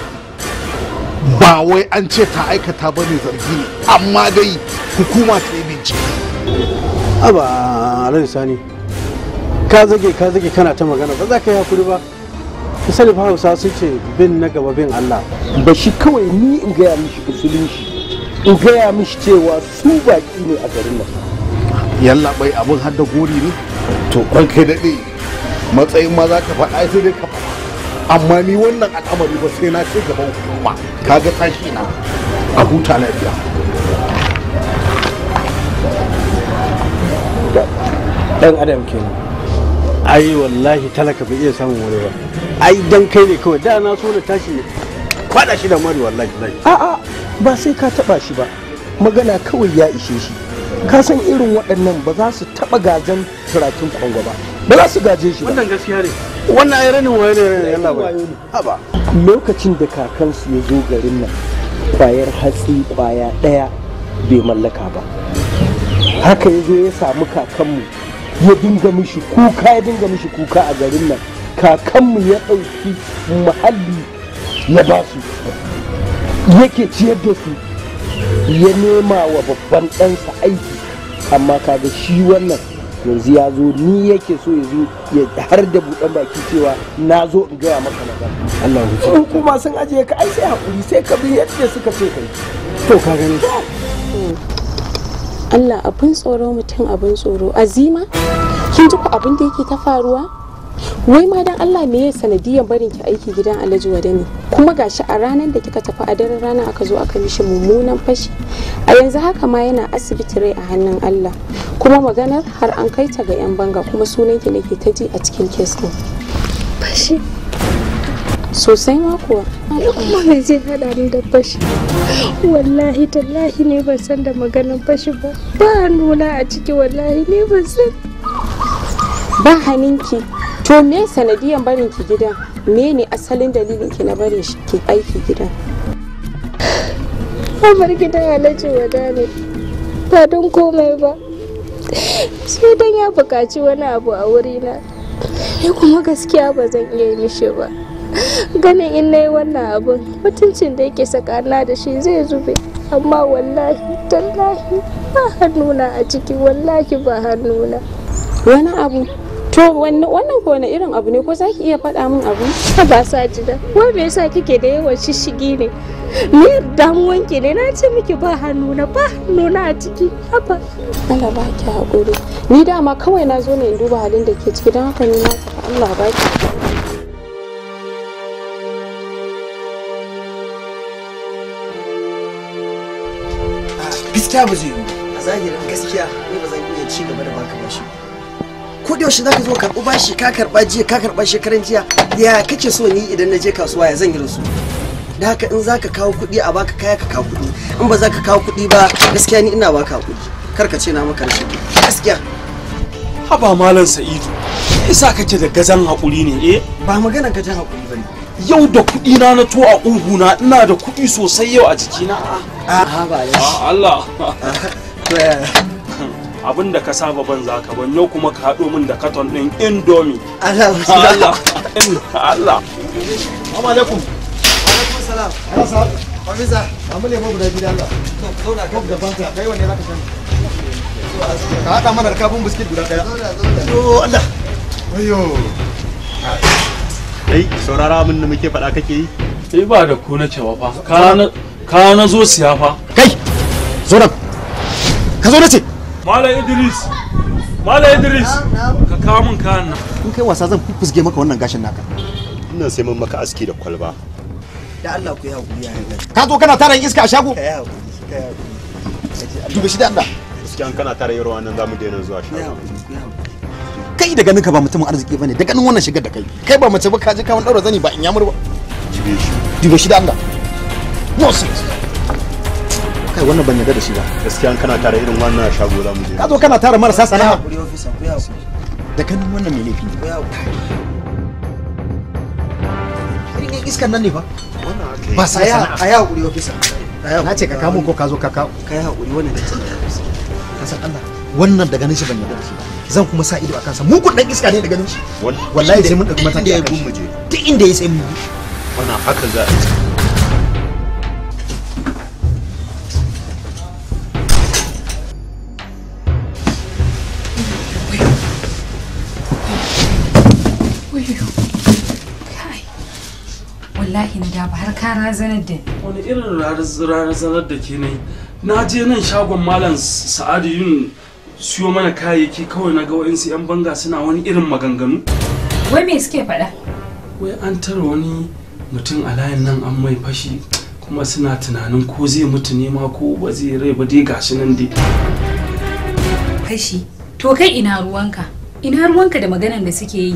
S1: ba wai an ce ta aikata ba ne zargi ne amma dai hukuma ta yi bincike aba alhaji sani ka zage ka zage kana ta magana ba za ka yi hakuri ba da hausa su ce bin na gaba bin Allah ba shi kawai ni in gaya mishi musulunci in gaya mishi cewa su baki ne a
S3: garin nan yalla bai abun har da gori ne to kai kai daɗe matsayin ma za ka faɗa sai dai ka amma ni wannan al'amari ba sai na ce gaban kuma
S1: kaga tashi na a huta lafiya dan adam kenan ai wallahi talaka bai iya samun wani ba ai dan kai ne kawai da na so na tashi kwada shi da mari wallahi a'a ba sai ka taba shi ba magana kawai ya ishe shi ka san irin waɗannan ba za su taɓa gajen turatun kongo ba ba za su gaje shi ba wannan gaskiya ne wannan ai ranin waye ne yana ba haba lokacin da kakansu ya zo garin nan kwayar hatsi kwaya ɗaya bai mallaka ba haka ya zo ya samu kakanmu
S2: ya dinga mishi
S1: kuka ya dinga mishi kuka a garin nan kakanmu ya ɗauki muhalli ya ba su yake ciyar da su ya nema wa babban ɗansa aiki amma kaga shi wannan yanzu ya zo ni yake so ya zo ya har da buɗan baki cewa na zo in gaya maka na Allah ya in kuma sun ajiye ka ai sai hakuri sai ka bi yadda suka ce kai to ka gani
S8: Allah abin tsoro mutum abin tsoro azima kin ji ku abin da yake ta faruwa wai ma dan Allah me yasa sanadiyan barin ki aiki gidan Alhaji Wadani kuma gashi a ranar da kika tafi a daren rana aka zo aka mishi mummunan fashi a yanzu haka ma yana asibiti rai a hannun Allah kuma maganar har an kai ta ga yan banga kuma sunan ki nake ta ji a cikin kes din fashi sosai ma kuwa kuma me zai hada ni
S10: da fashi wallahi tallahi ne ban san da maganin fashi ba ba
S8: nuna a ciki wallahi ne ban san ba haninki to me sanadiyan barin ki gidan me ne asalin dalilin ki na barin shi ki aiki gidan
S10: kamar gidan alhaji wada ne ba don komai ba sai dan ya buƙaci wani abu a wurina ni kuma gaskiya ba zan iya mishi ba ganin in na yi wannan abin mutuncin
S8: da yake sakana da shi zai zube amma wallahi tallahi ba hannuna a ciki wallahi ba hannuna wani abu to wannan ko wani irin abu ne ko za ki iya faɗa min abu ba sa ji da wai me yasa kike da yawan shishigi ne
S10: ni damuwan ki ne na ce miki ba hannuna ba hannuna a ciki haba
S8: Allah ba ki haƙuri ni dama kawai na zo ne in duba halin da ke ciki don haka ni na Allah ba ki
S1: fita ba zai yi a zahirin gaskiya ni ba zan iya ci gaba da baka bashi ko da yaushe zaka zo karɓi bashi ka karɓa jiya ka karɓa shekaran jiya ya kake so ni idan na je kasuwa ya zan yi rasu da haka in zaka
S4: kawo kuɗi a baka kaya ka kawo kuɗi in ba zaka kawo kuɗi ba gaskiya ni ina baka kuɗi kar ka ce na maka rashin gaskiya haba malam sa'idu isa kake da gazan haƙuri ne eh ba magana gazan haƙuri bane yau da kuɗi na na to a ƙuguna ina da kuɗi sosai yau a jikina ah,
S1: a ah,
S4: Allah eh. abin da ka saba ban za ka ban yau kuma ka haɗo min da katon ɗin indomi Allah Allah Allah alaikum
S5: alaikum salam Allah
S1: sa Amisa amma ne guda biyu Allah to zauna ka da banta kai wanne ka haɗa mana biskit guda ɗaya to Allah ayyo
S4: ah. kai saurara min da muke faɗa kake yi sai eh, ba da ku na cewa fa ka na zo siya fa kai zo ka zo na ce malam idris malam idris ka kawo min kayan nan in kai wasa zan
S3: fuffuske maka wannan gashin naka ina sai mun maka aski da kwalba
S4: da Allah ku ya hakuri ya
S1: ka zo kana tara iska a shago ka ya ka ya hakuri shi da Allah gaskiya
S3: kana tara yarwa nan zamu daina zuwa shago
S1: kai da ganin ka ba mutumin arziki bane da ganin wannan shigar da kai kai ba mace ba ka je ka wani daura zani ba in yamur ba dibe shi da Allah nonsense kai wannan ban yarda da shi ba
S3: gaskiya kana tara irin wannan shago
S1: za mu je ka zo kana tara marasa sana'a da ganin wannan mai laifi ne iskan nan ne fa ba sa ya a ya hakuri ofisa na ce ka kamo ko ka zo ka kawo ka yi hakuri wannan ka san Allah wannan da ganin shi ban yarda da shi ba zan kuma sa ido a kansa mu kun dan iska ne da ganin shi wallahi sai mun dauki da ya gumu je duk inda ya sai mu
S3: wannan haka za
S12: a wallahi na da ba har ka razanar da
S4: wani irin razanar da ke nai na je nan shagon malam sa'adu yin siyo mana kayayyaki kawai na ga wa'insu 'yan banga suna wani irin maganganu?
S12: Wai me suke faɗa?
S4: Wai an tara wani mutum a layin nan an mai fashi kuma suna tunanin ko zai mutu ne ma ko ba zai rai ba dai gashi nan dai.
S12: Fashi, to kai ina ruwanka? Ina ruwanka da maganan da suke yi?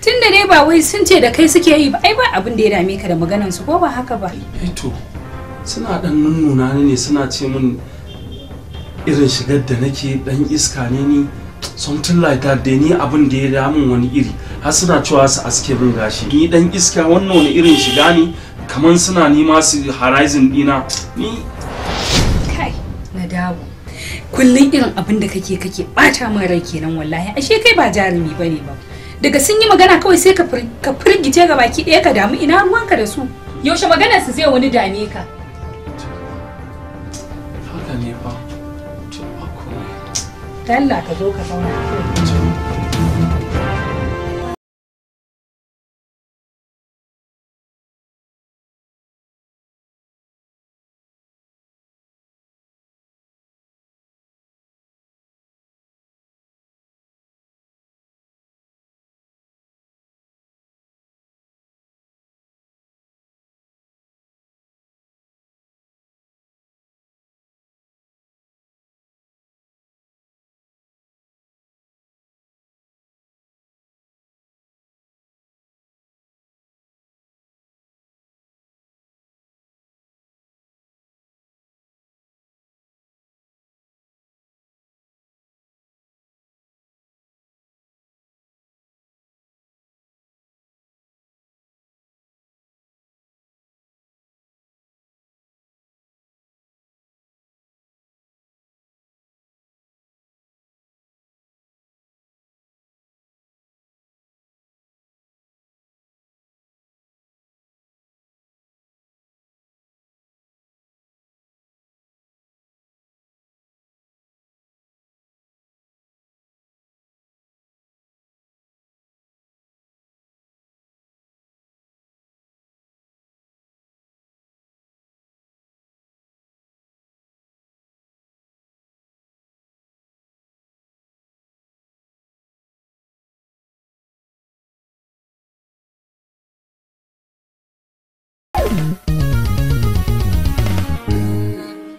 S12: Tun da dai ba wai sun ce da kai suke yi ba, ai ba abin da ya dame ka da maganan su ko ba haka ba? Eh to,
S4: suna ɗan nunnuna ne suna ce mun irin shigar da nake dan iska ne ni something like that dai ni abin da ya damun wani iri har suna cewa su aske min gashi ni dan iska wannan wani irin shiga ne kaman suna nima su horizon dina ni
S12: kai na dawo kullum irin abin da kake kake bata min rai kenan wallahi ashe kai ba jarumi bane ba daga sun yi magana kawai sai ka firgice ga baki ɗaya ka damu ina ruwanka da su yaushe magana su zai wani dame ka
S6: Dalla ka zo ka zauna.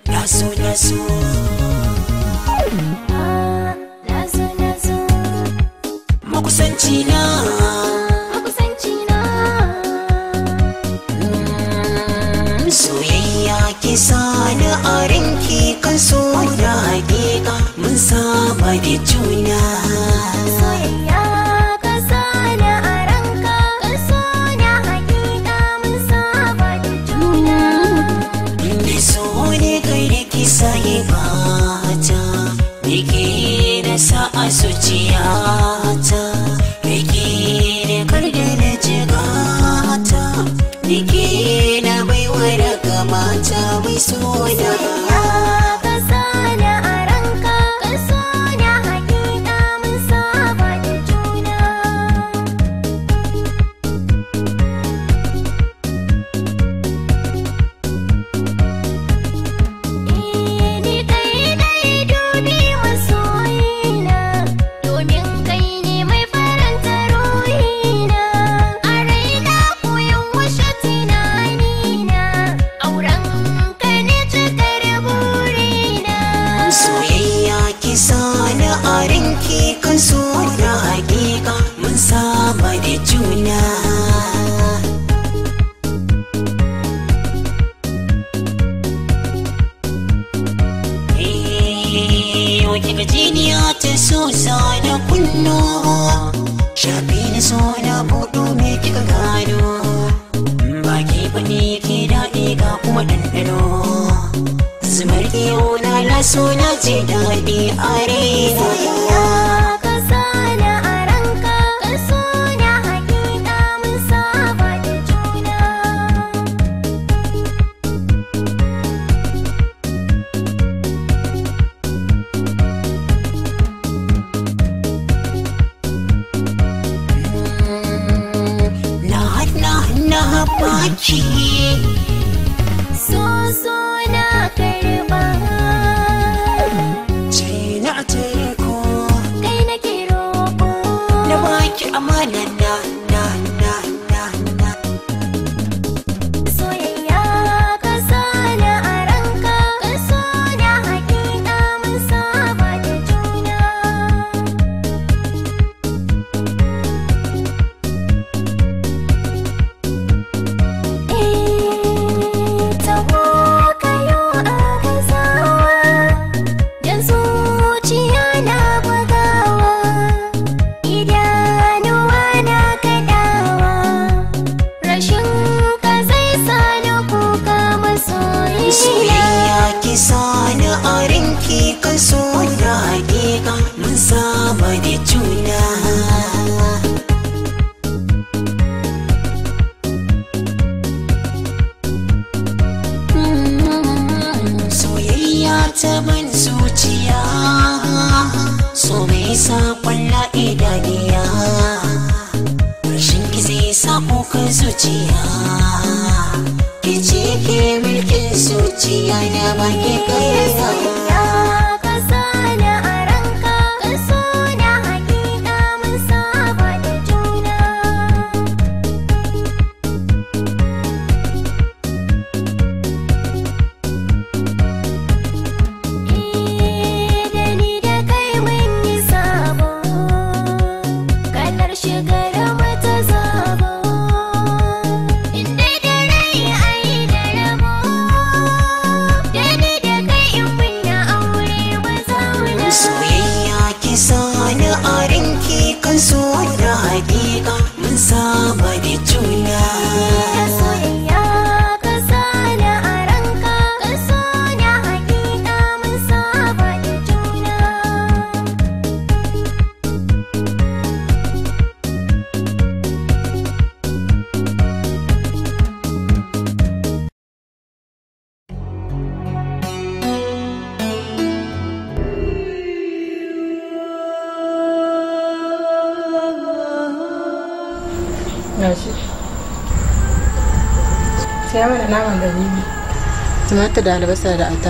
S6: Nazo nazo ah,
S9: Nazo da Makusanci na Makusanci na mm, Soyayya a ranki kan so mun saba da juna ke kansu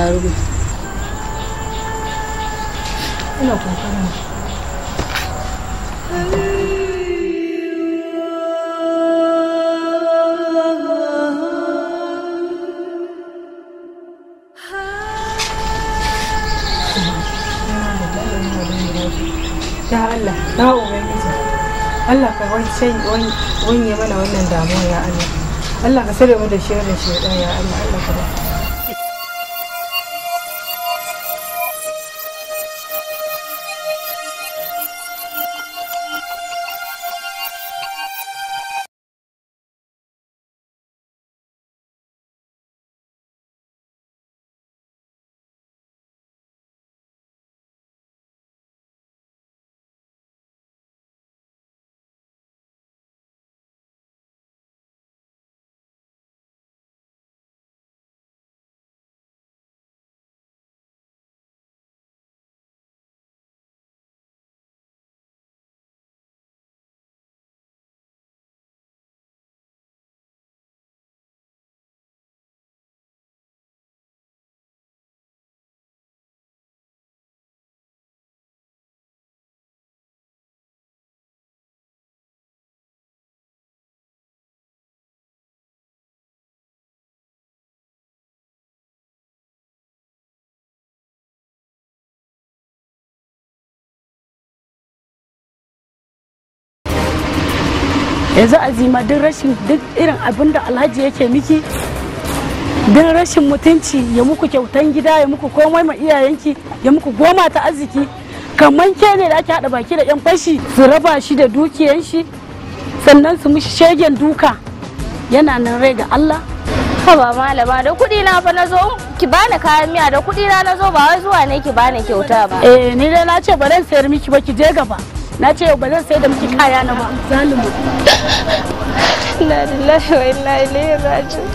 S9: ta rubu ina kokarin
S8: Ya Allah, na Ubangiji, Allah ka wanye mana wannan damuwa ya Allah. Allah ka sare mu da shirin shaidan ya Allah, Allah ka ba.
S6: yanzu azima duk rashin duk irin abin da alhaji yake miki don
S8: rashin mutunci ya muku kyautan gida ya muku komai ma iyayenki ya muku goma ta arziki kamar ke ne da ake haɗa baki da 'yan fashi su raba shi da dukiyan shi sannan su mishi shegen duka yana nan rai ga Allah ba malama da kuɗi na fa na zo ki bani kayan miya da kuɗi na na zo ba wai zuwa ne ki bani kyauta ba eh ni dai na ce ba zan sayar miki ba ki je gaba na ce yau ba zan sai da miki kaya na ba zalimu na lillahi wa ne ya raji'un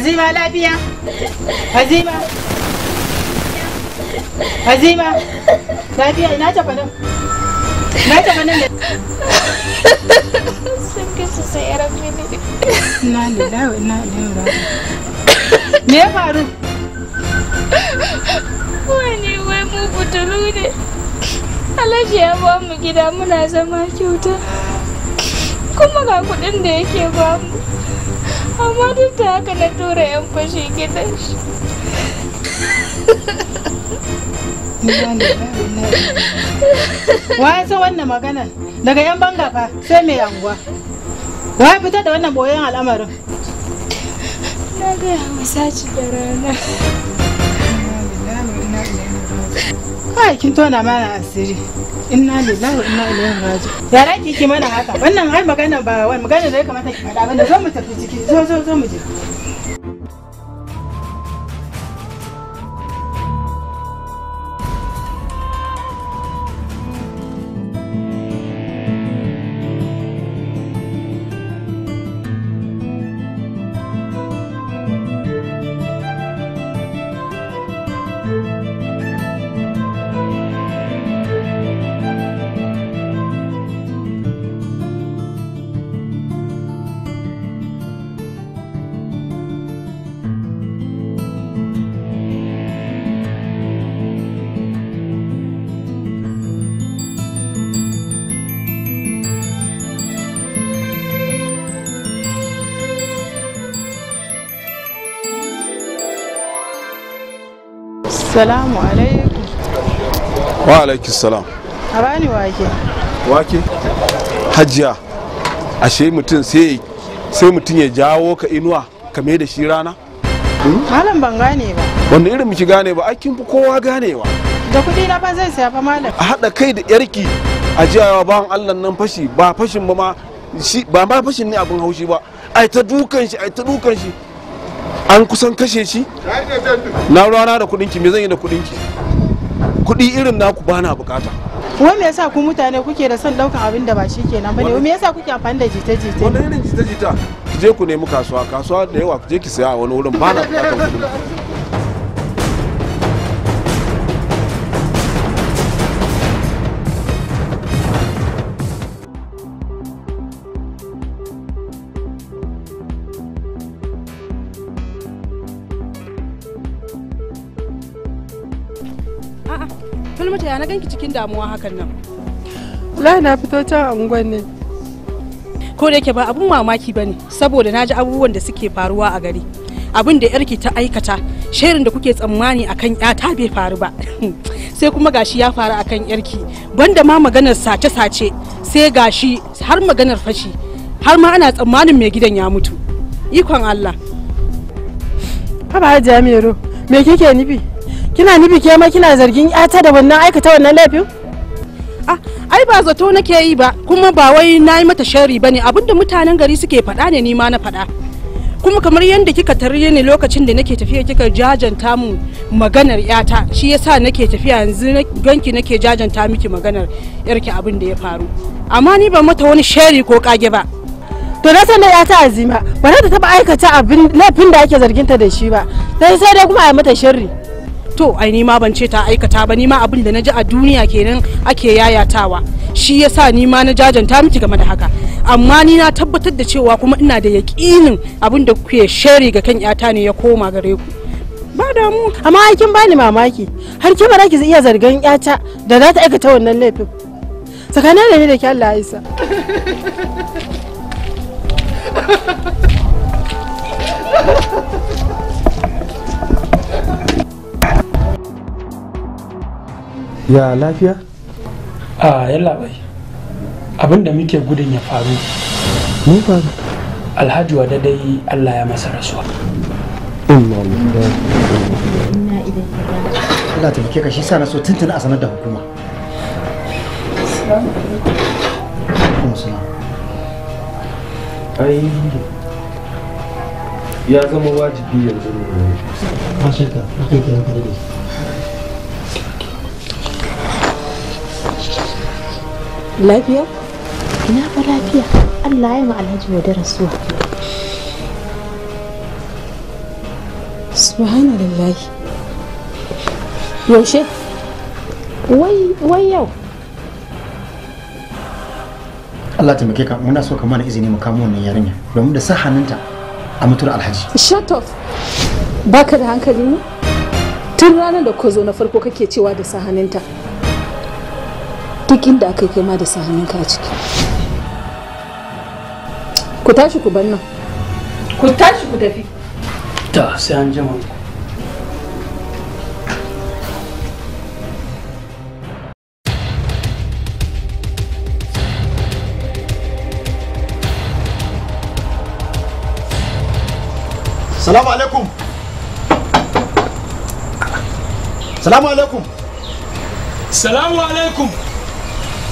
S8: Hazima lafiya? Hazima. Hazima. Lafiya ina ta nan. Ina ta nan. ne? Sun su sai yaran mini. Ina wa ina
S12: ilaihi raji'un. Me ya faru?
S10: Wani
S5: wai mu butulu ne.
S10: Alaji ya ba mu gida muna zama kyauta. Kuma ga kuɗin da yake ba mu. amma duk da
S8: haka na tura yan fashe gidan shi ya san wannan magana daga yan banga fa sai mai anguwa waye fita da wannan boyen al'amarin na gaya wa sace da rana kai kin tona mana asiri inna lillahi wa inna ilaihi raji'un ya raki ki mana haka wannan har magana ba wani magana da ya kamata ki faɗa ba zo mu tafi ciki zo zo zo mu je Salamu alaikum.
S4: Wa alaikum salam.
S8: A bani wake.
S1: Wake?
S3: Hajiya. Ashe mutum sai sai mutum ya jawo ka inuwa ka mai da shi rana? Hmm?
S8: Malam ban gane ba.
S3: Wanda irin miki gane ba, aikin fi kowa ganewa.
S8: Da kuɗi na ba zai saya fa malam.
S1: A haɗa kai da yarki a jiyawa bawan Allah nan fashi ba fashin ba ma ba ma fashin ne abin haushi ba. Ai ta dukan shi, ai ta dukan shi.
S3: an kusan kashe shi na rana da kudinki ki me zan yi da kudinki ki kudi irin naku ba na bukata
S8: wai me yasa ku mutane kuke da son daukan abin da ba shi kenan bane me yasa kuke amfani da jita jita wani irin
S2: jita jita ki je ku nemi kasuwa kasuwa da yawa ku je ki saya a wani wurin ba na bukata
S8: ya na ganki cikin damuwa hakan nan wallahi na fito can unguwan ne ko da yake ba abun mamaki bane saboda na ji abubuwan da suke faruwa a gari abin da yarki ta aikata shirin da kuke tsammani akan ya ta bai faru ba sai kuma gashi ya faru akan yarki banda ma maganar sace-sace sai gashi har maganar fashi har ma ana tsammanin mai gidan ya mutu ikon Allah Haba me kike nufi? kina nufi ke ma kina zargin yata da wannan aikata wannan laifin ah, ai ba zato nake yi ba kuma ba wai na yi mata sharri ba ne abinda mutanen gari suke faɗa ne ni na faɗa kuma kamar yadda kika tarye ni lokacin da nake tafiya kika jajanta mu maganar yata shi yasa nake tafiya yanzu ganki nake jajanta miki maganar yarki abin da ya faru amma ni ba mata wani shari ko kage ba to na san da yata azima ba za ta taba aikata abin laifin da ake zargin ta da shi ba sai sai dai kuma a mata sharri to ai ni ma ban ce ta aikata ba ni ma abin da na a duniya kenan ake yayatawa shi yasa ni ma na jajanta miki game da haka amma ni na tabbatar da cewa kuma ina da yaƙinin abin da kuke shari ga kan yata ne ya koma gare ku ba damu amma ai kin bani mamaki har ki bara ki iya zargan yata da za ta aikata wannan laifin tsakanin da ni da ki Allah isa
S4: ya lafiya? a yalla bai abin da muke gudun ya faru faru alhaji wa dai allah ya masa rasuwa
S1: Allah ta ka shi sa na so tuntuna a sanar da hukuma ai ya zama wajibi yanzu ne ka shakka kira kare da shi
S8: lafiya ina fa lafiya allah ya ma alhaji wadda rasuwa lallahi yaushe wai yau
S1: Allah ta ka muna so ka mana izini mu kamo wannan yarinya domin da sahaninta a mutuwar alhaji
S8: shut up baka da hankali ne tun ranar da ka zo na farko kake cewa da sahaninta duk inda aka kai ma da sahanin ka ciki ku tashi ku bar nan ku tashi ku tafi
S4: ta sai an jima salamu alaikum salamu alaikum salamu alaikum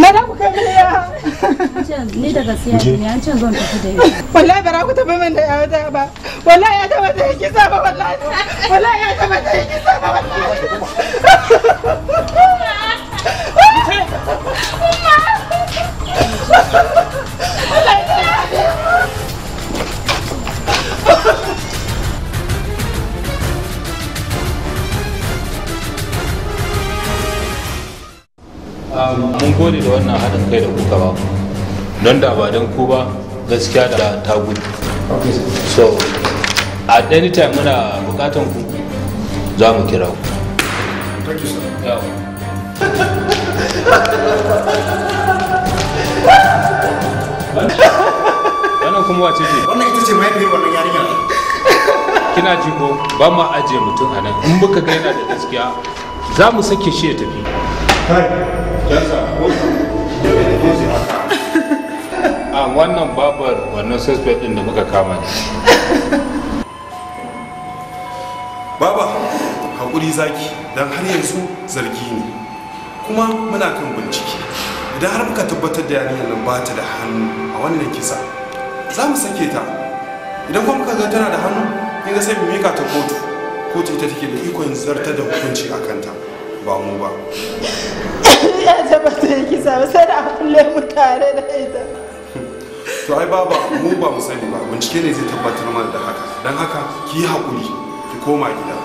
S8: na da ku ni daga siya ne an ce zan tafi da ita wallahi bara ku tafi min da yawa ta ba wallahi ya taba ta yake sa wallahi wallahi ya taba ta yake sa wallahi
S2: Um... kore da wannan haɗin kai da kuka ba don da ba don ku ba gaskiya da ta gudu so at any time muna bukatan ku za mu kira ku wannan kuma wace ce wannan ita ce mahaifiyar wannan yarinya kina ji ko ba ma ajiye mutum a nan in muka gaina da gaskiya za mu sake shi ya tafi a wannan babar wannan suspect din da muka kama ne
S7: baba hakuri zaki don har yanzu zargi ne kuma muna kan bincike idan har muka tabbatar da yarinyar nan ba ta da hannu a wannan kisa za mu sake ta idan kuma muka tana da hannu kin ga sai mu mika ta kotu kotu ita take da ikon zartar da hukunci a kanta ba mu ba
S8: ya zama ta yi kisa sai da a kulle mu tare da ita
S7: to ai baba mu ba mu sani ba bincike ne zai tabbatar mana da haka dan haka ki yi hakuri ki koma gida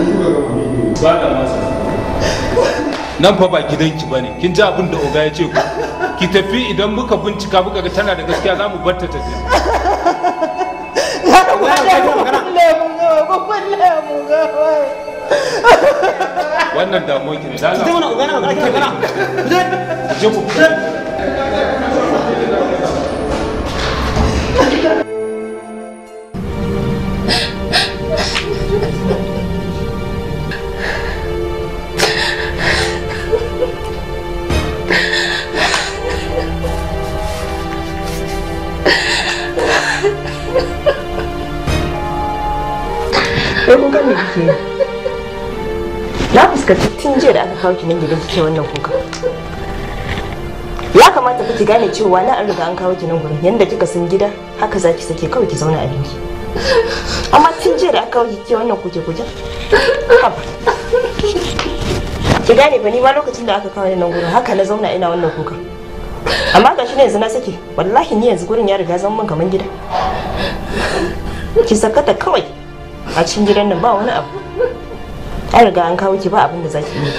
S2: ni nan fa ba gidanki ba ne kin ji abin da oga ya ce ku ki tafi idan muka bincika muka ga tana da gaskiya za mu bar ta tafi wannan damuwa
S4: ki da Allah je ku
S8: kai kun gane na fuskanci tun jiya da aka kawo ki nan gidan kike wannan kuka ya kamata ku ki gane cewa na an riga an kawo ki nan gurin yanda kika san gida haka za ki sake kawai ki zauna a binki amma tun jiya da aka kawo ki kike wannan kuke kuke ki gane ba ni ma lokacin da aka kawo ni nan gurin haka na zauna ina wannan kuka amma ga shi ne yanzu na sake wallahi ni yanzu gurin ya riga zan mun kaman gida ki sakata kawai a cikin gidan nan ba wani abu an riga an kawo ki ba abin da za ki yi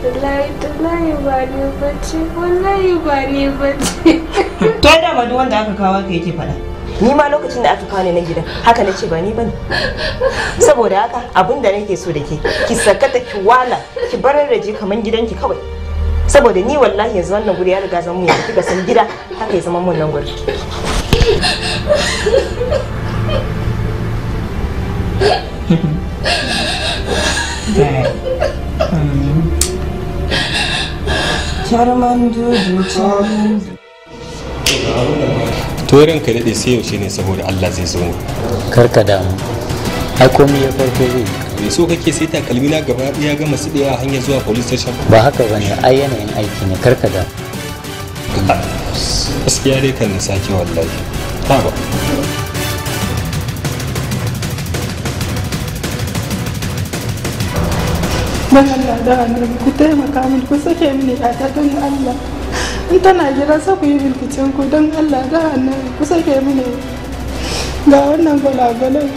S10: wallahi ba ne bace wallahi ba ne bace
S8: to da wanda aka kawo ka yake faɗa ni ma lokacin da aka kawo ne na gidan haka nace ba ni bane saboda haka abin da nake so da ke ki sakata ki wala ki barar da ji kaman gidanki kawai saboda ni wallahi yanzu wannan guri ya riga zama mu yanzu kika san gida haka ya zama mun nan guri
S9: Charman Dudu Charman
S7: Turin ka daɗe sai yaushe ne saboda Allah zai zo mu. Karka damu. Ai komai ya farko zai. Me so kake sai takalmi na gaba ya gama su a hanyar zuwa police station? Ba haka bane ai yanayin aiki ne karka damu. Ah. gaskiya dai kan nisa sake wallahi
S5: ta ba
S8: don Allah da annabi ku taimaka min ku sake mini don yi bilkicin ku don Allah da ku sake mini ga wannan gwalagwalai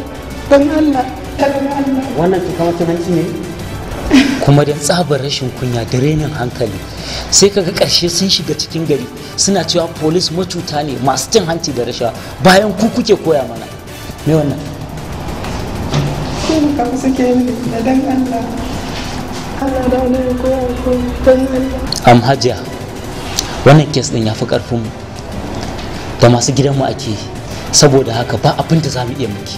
S8: don Allah ta Allah
S1: wannan ne kuma da tsabar rashin kunya da renin hankali
S4: sai kaga karshe sun shiga cikin gari suna cewa polis matuta ne masu cin hanci da rashawa
S8: bayan ku kuke koya mana me wannan am
S2: hajiya wannan kes din ya fi karfin mu da masu gidanmu ake saboda haka ba abin za mu iya muke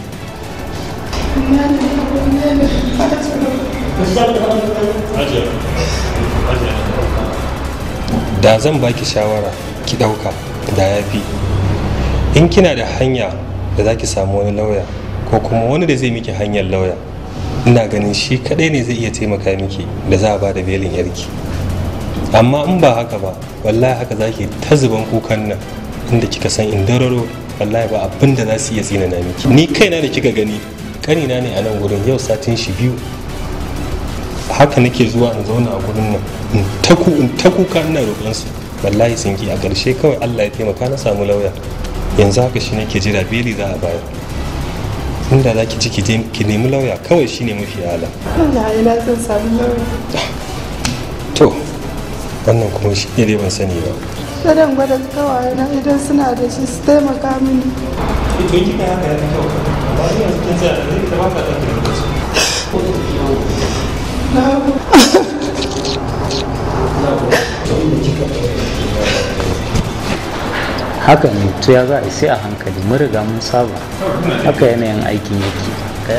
S7: da zan baki shawara ki ɗauka da ya fi in kina da hanya da za ki samu wani lauya ko kuma wani da zai miki hanyar lauya ina ganin shi kaɗai ne zai iya taimaka miki da za a ba da belin yarki amma in ba haka ba wallahi haka za ki ta zuban kukan nan inda kika san in dararo wallahi ba abinda da za su iya tsinana miki ni kaina da kika gani kanina ne a nan gurin yau satin shi biyu haka nake zuwa in zauna a gurin nan in taku in ta kuka ina roƙon su wallahi sun ki a ƙarshe kawai Allah ya taimaka na samu lauya yanzu haka shi nake jira beli za a bayar inda za ki ciki ki nemi lauya kawai shine mafi ala
S8: Allah ina son samu lauya
S7: to wannan kuma shi ne ban sani ba
S8: sadan gwada kawai na idan suna da shi su taimaka mini
S7: ito kika haka ya ta kyau ba yanzu kin tsaya da ba ta da
S5: lokaci
S2: haka ne to ya za a sai a hankali
S1: mun riga mun saba haka yanayin aikin yake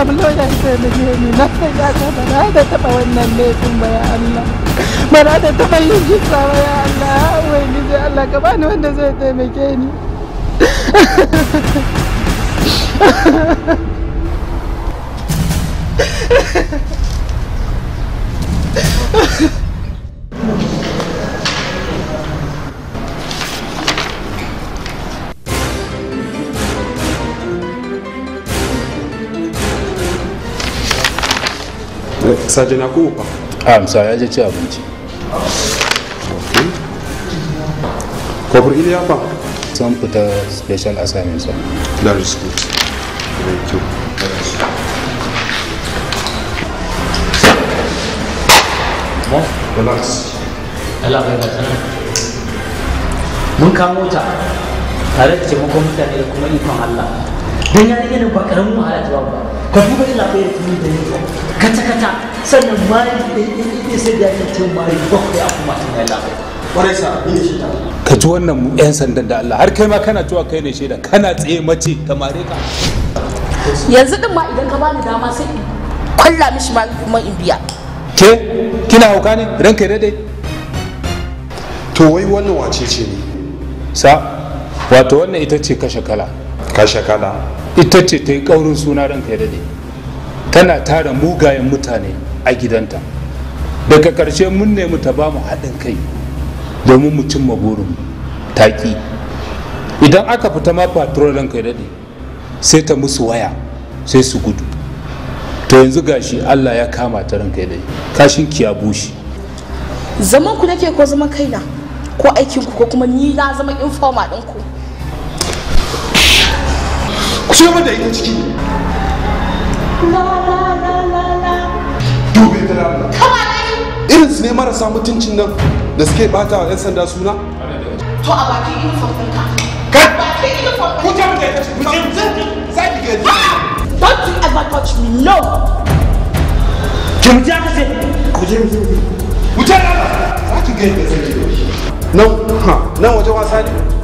S8: sablo da ta da ni na sai ya ta da taba wannan laifin ba ya Allah ba da taba yin jinsa ba ya
S11: Allah wai ni Allah ka bani wanda zai taimake
S5: ni
S7: Sergeant Yakubu fa?
S2: ah sorry, ya je ci abinci. Kofar Iliya fa? Sun fita special assignment sa.
S11: That is good. Thank
S4: you. relax. Mun kamo ta tare da taimakon mutane da kuma ikon Allah.
S9: Don yarinya ba karamin wahala ta ba. ka duba ina kai tuni da yau kata kata
S1: sannan mai da yake sai da yake cewa mai bakwai a kuma tun ya lafiya kwarai sa
S2: ina shi ka ci wannan yan sandan da Allah har kai ma kana cewa kai ne shaida kana tsaye mace ta mare ka
S8: yanzu din ma idan ka ba ni dama sai in kwalla mishi ma kuma in biya
S2: ke kina hauka ne ranka ya dai to wai wannan wace ce ne sa wato wannan ita ce kashe kala kashe kala ita ce ta yi ƙaurin suna ranka ya dade tana tara mugayen mutane a gidanta daga ƙarshe mun nemi ta ba mu haɗin kai domin mu cimma burin taƙi idan aka fita ma patrol ranka ya dade sai ta musu waya sai su gudu to yanzu gashi allah ya kama ta ranka ya kashin kashin kiya bushi
S8: zaman ku nake ko zama kaina ko aikin ku ko kuma ni na zama informa ɗinku
S7: ku ce da ita ciki
S9: la la la la la
S7: dube ta Allah irin su ne marasa mutuncin nan da suke bata wa 'yan sanda suna
S8: to a bakin uniform ɗinka ka bakin uniform ɗinka ku ta mutai ta ce ku ce za ki gani ah! don't you ever touch me no
S2: kimti aka ce ku je mu wuce na za ki gani da sai nan ha nan waje wasa ne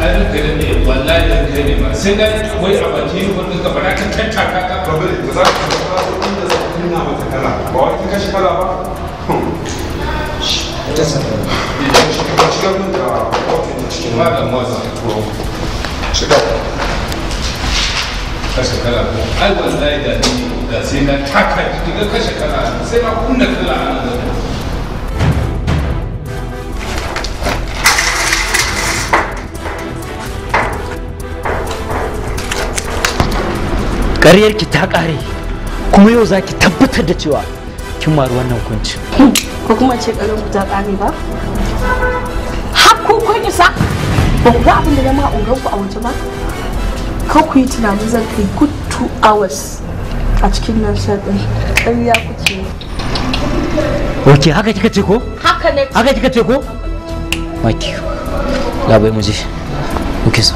S2: tsarin gari ne wallahi da kai ne ma sai dai wai a bakin wani ka bara ka tattaka ka ba bari ba za ka fara wurin da zaka nuna mata kala ba wai ka shi kala ba ta hmm. sanar da shi ga mun da da cikin ma da maza ko shiga
S1: kashe kala ko ai da ni da sai na taka daga kashe kala sai na kunna kala a nan ki ta ƙare kuma yau za ki tabbatar da cewa kin maru wannan hukunci
S8: ko kuma ce ƙaryarku ta ƙare ba hakku isa ba ku abin da zama ogan ku a waje ba ka ku yi tunanin zan kai good two hours a cikin nan shaɗin ƙarya kuke
S9: ok haka kika ce ko
S8: haka ne haka kika ce ko
S9: maki labai mu je ok sa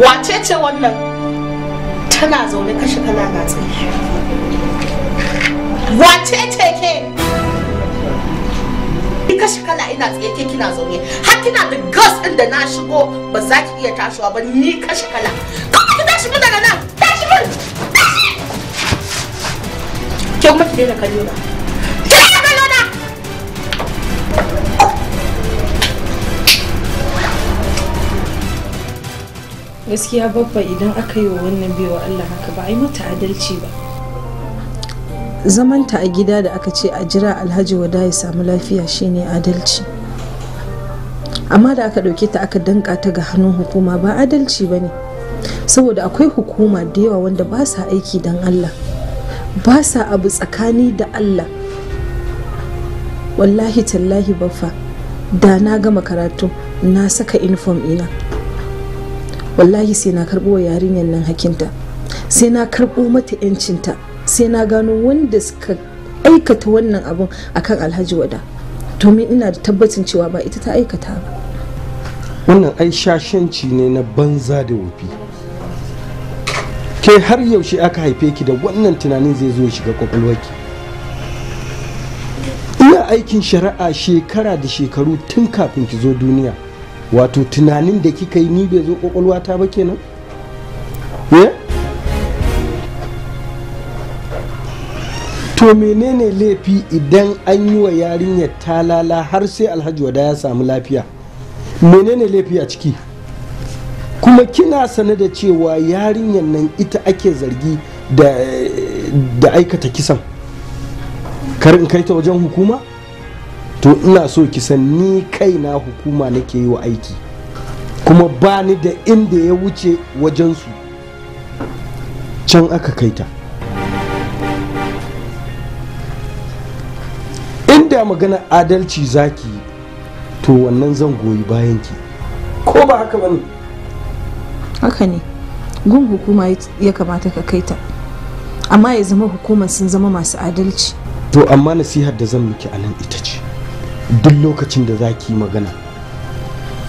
S8: wace ce wannan tana zaune kashe kana tsaye wace ce ke kashe kana ina tsaye ke kina zaune har kina da gas din da na shigo ba za ki iya tashiwa ba ni kashe kana kuma ki tashi mun daga nan tashi mun tashi ke kuma ki daina kallo gaskiya babba idan aka yi wa wannan baiwa Allah haka ba a yi mata adalci ba zamanta a gida da aka ce a jira alhaji wada ya samu lafiya shine adalci amma da aka ɗauke ta aka danka ta ga hannun hukuma ba adalci ba ne saboda akwai hukuma da yawa wanda ba sa aiki don allah ba sa abu tsakani da allah wallahi tallahi baffa da na gama karatu na saka uniform ina wallahi sai na karɓo wa yarinyar nan hakinta sai na karbo mata yancinta sai na gano wanda suka aikata wannan abun akan alhaji wada Tomi ina da tabbacin cewa ba ita ta aikata ba
S1: wannan ai shashanci ne na banza da wofi ke har yaushe aka haife ki da wannan tunanin zai zo shiga kwakwalwarki iya aikin shari'a shekara da shekaru tun kafin ki zo duniya wato tunanin da kika yi ni bai zo kwakwalwa ta ba kenan to menene laifi idan an yi wa yarinyar talala har sai alhaji wada ya samu lafiya menene laifi a ciki kuma kina sane da cewa yarinyar nan ita ake zargi da aikata kisan kar in kai ta wajen hukuma to ina so ki san ni kaina hukuma nake yi wa aiki kuma ba ni da inda ya wuce wajensu can aka kaita inda magana adalci zaki to wannan zan goyi bayanki
S8: ko ba haka bane haka ne gun hukuma ya kamata ka kaita amma ya zama hukumar sun zama masu adalci
S1: to amma nasihar da zan miki anan ita ce duk lokacin da za ki magana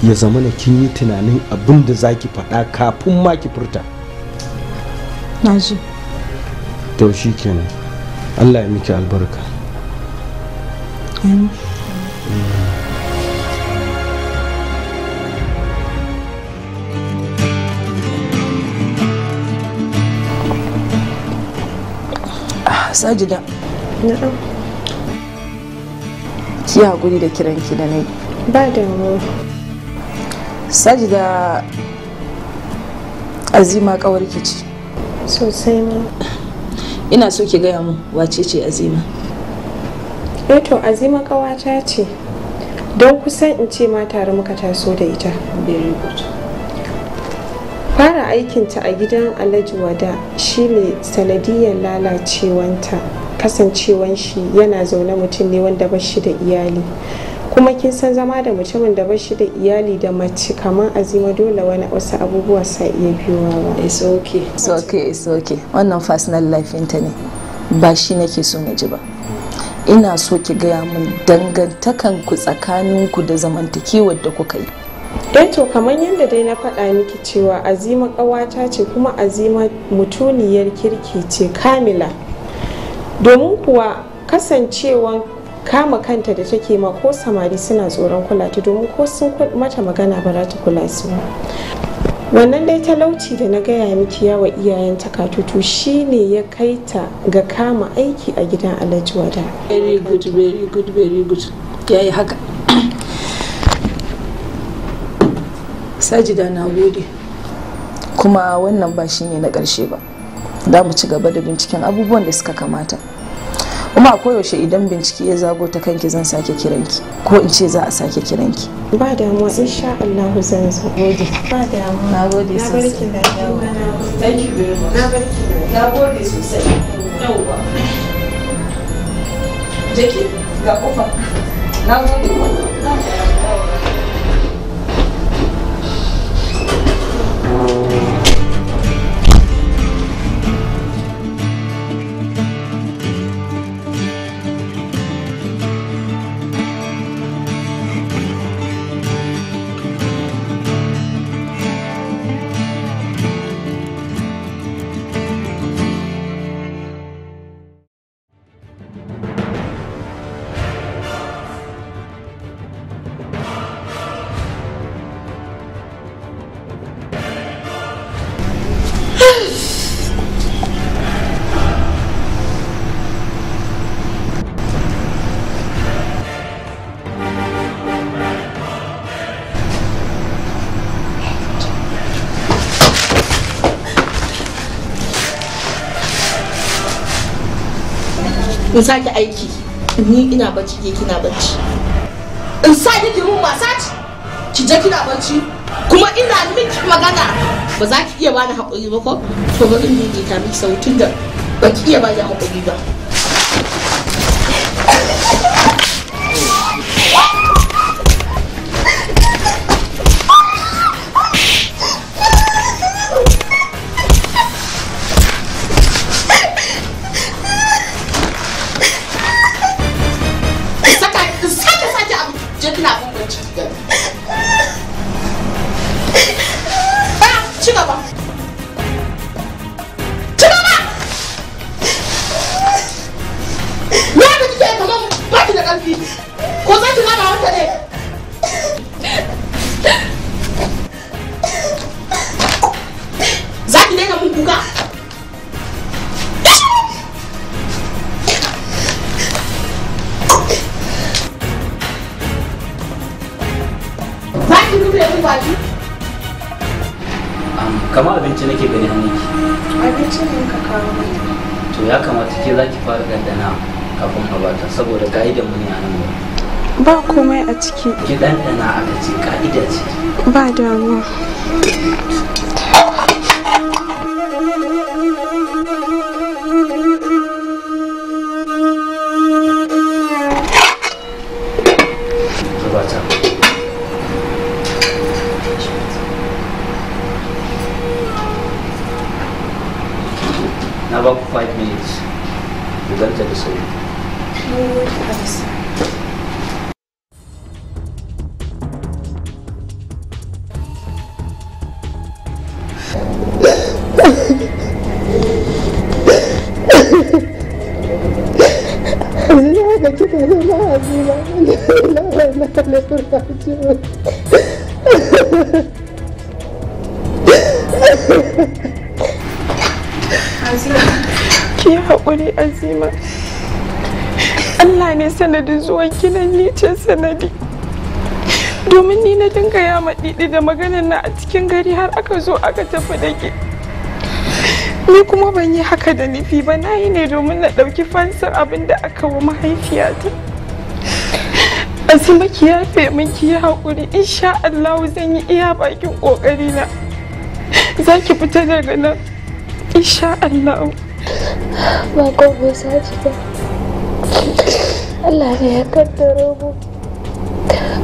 S1: ya zama na kin yi tunanin abin da za ki faɗa kafin ma ki furta na to shi kenan allah ya miki albarka
S8: ah, sajida na ki hakuri da kiran ki da nai ba da Saji sajida azima kawar ki ce sosai ma ina so ki gaya mu wace ce azima eh to azima kawata ce don kusan in ce ma tare muka taso da ita fara aikinta a gidan alhaji wada shine sanadiyar lalacewanta kasancewan shi yana zaune mutum ne wanda ba shi da iyali kuma kin san zama da mutumin da ba shi da iyali da mace kamar azima dole wani wasu abubuwa sa iya biyowa ba it's okay it's okay it's okay wannan personal life ta ne ba shi nake so na ji ba ina so ki gaya min dangantakan ku tsakanin ku da zamantakewar da kuka yi don to kamar yadda dai na faɗa miki cewa azima ƙawata ce kuma azima mutuniyar kirki ce kamila domin kuwa kasancewan kama kanta da take ma ko samari suna tsoron kula ta domin ko sun mata magana ba za ta kula su wannan dai talauci da na gaya miki yawa iyayen takatutu ne ya kai ta ga kama aiki a gidan alhaji wada very good very good very good ya yi haka sajida na gode kuma wannan ba ne na ƙarshe ba da mu ci gaba da binciken abubuwan da suka kamata kuma a koyaushe idan bincike ya zago ta kanki zan sake kiranki ko in ce za a sake kiranki ba damuwa insha Allah zan zo gode ba damuwa na gode sosai na na gode sosai yauwa jeki ga kofa na gode in sake aiki ni ina bacci ke kina bacci in sake ki mun masaji ki je kina bacci kuma ina miki magana ba za ki iya bani haƙuri ba ko to bari in ta miki sautin da ba ki iya bani haƙuri ba
S2: kama abinci nake gani ki
S8: abinci ne ka kawo
S2: to ya kamata ke za ki fara
S1: dandana kafin ka bata saboda ka'idar mu ne a nan
S8: ba komai a ciki ki dandana a ciki ka'ida ce ba damuwa sanadin zuwan kinan ni sanadi domin ni na dinga ya maɗiɗi da maganar na a cikin gari har aka zo aka tafi da ke ni kuma ban yi haka da nufi ba na yi ne domin na ɗauki fansar abin da aka wa mahaifiyata azuma ki yafe min ki yi haƙuri insha Allah zan yi iya bakin ƙoƙari na za ki fita daga nan insha Allah
S10: ba ko ba Allah ne ya kaddaro mu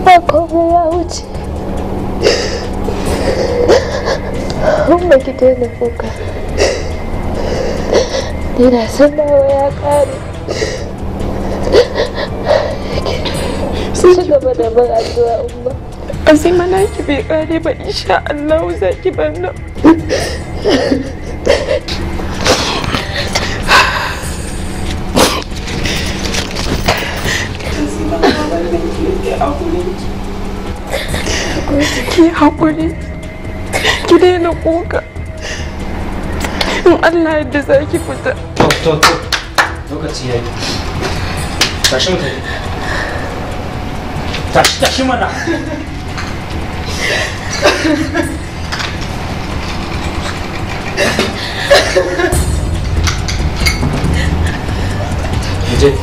S10: ba
S8: komai ya wuce umma ki daina kuka ni na san nawa ya kare ci gaba da bin addu'a umma azima na ki bai kare ba insha Allah za ki bar nan haƙuri ki daina kuka in allah yadda za ki fita to to to
S2: lokaci ya yi tashi mutane tashi tashi mana 이제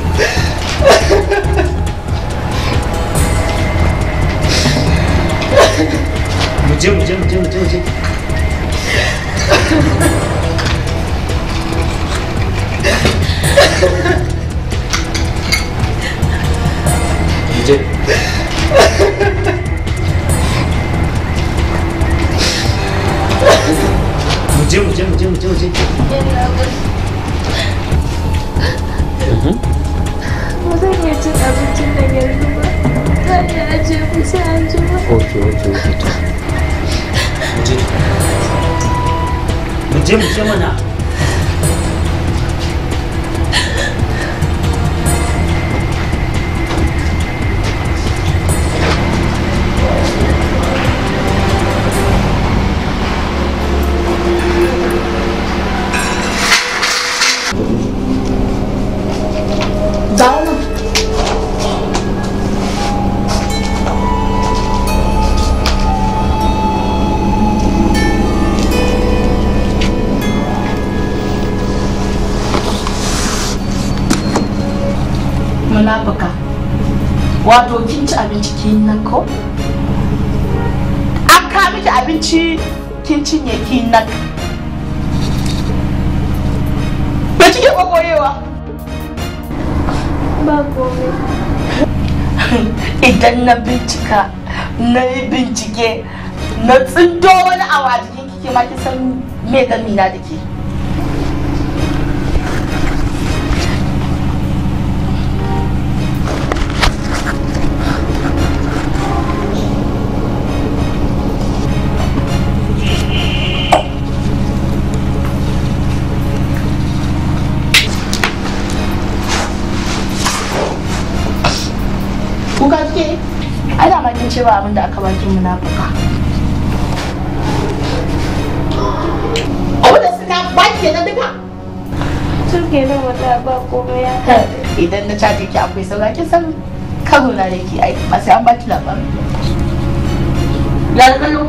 S2: где, где
S8: Ki nako an ka miki abinci kin cinye kin nak ba kike kokoyewa ba idan na bincika na yi bincike na tsindo wani awa jikin kike ma kin san me gamina dake ke ce ba abinda aka baki munafuka abu da suka baki na duka sun
S10: ke nan wata ba komai ya
S8: idan na caje ki akwai saura ki san kano na da ki ai ba sai an baki labarin lalalo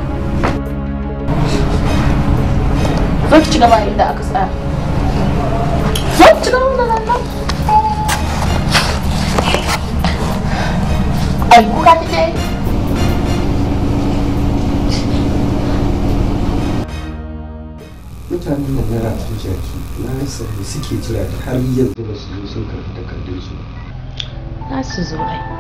S8: zo ki ci gaba inda aka tsaya zo ki ci gaba da lalalo ai kuka kike
S1: mutane da na ratun jaki na rasa da suke jira har yanzu ba su zo sun
S6: karɓi su. na su zo ai.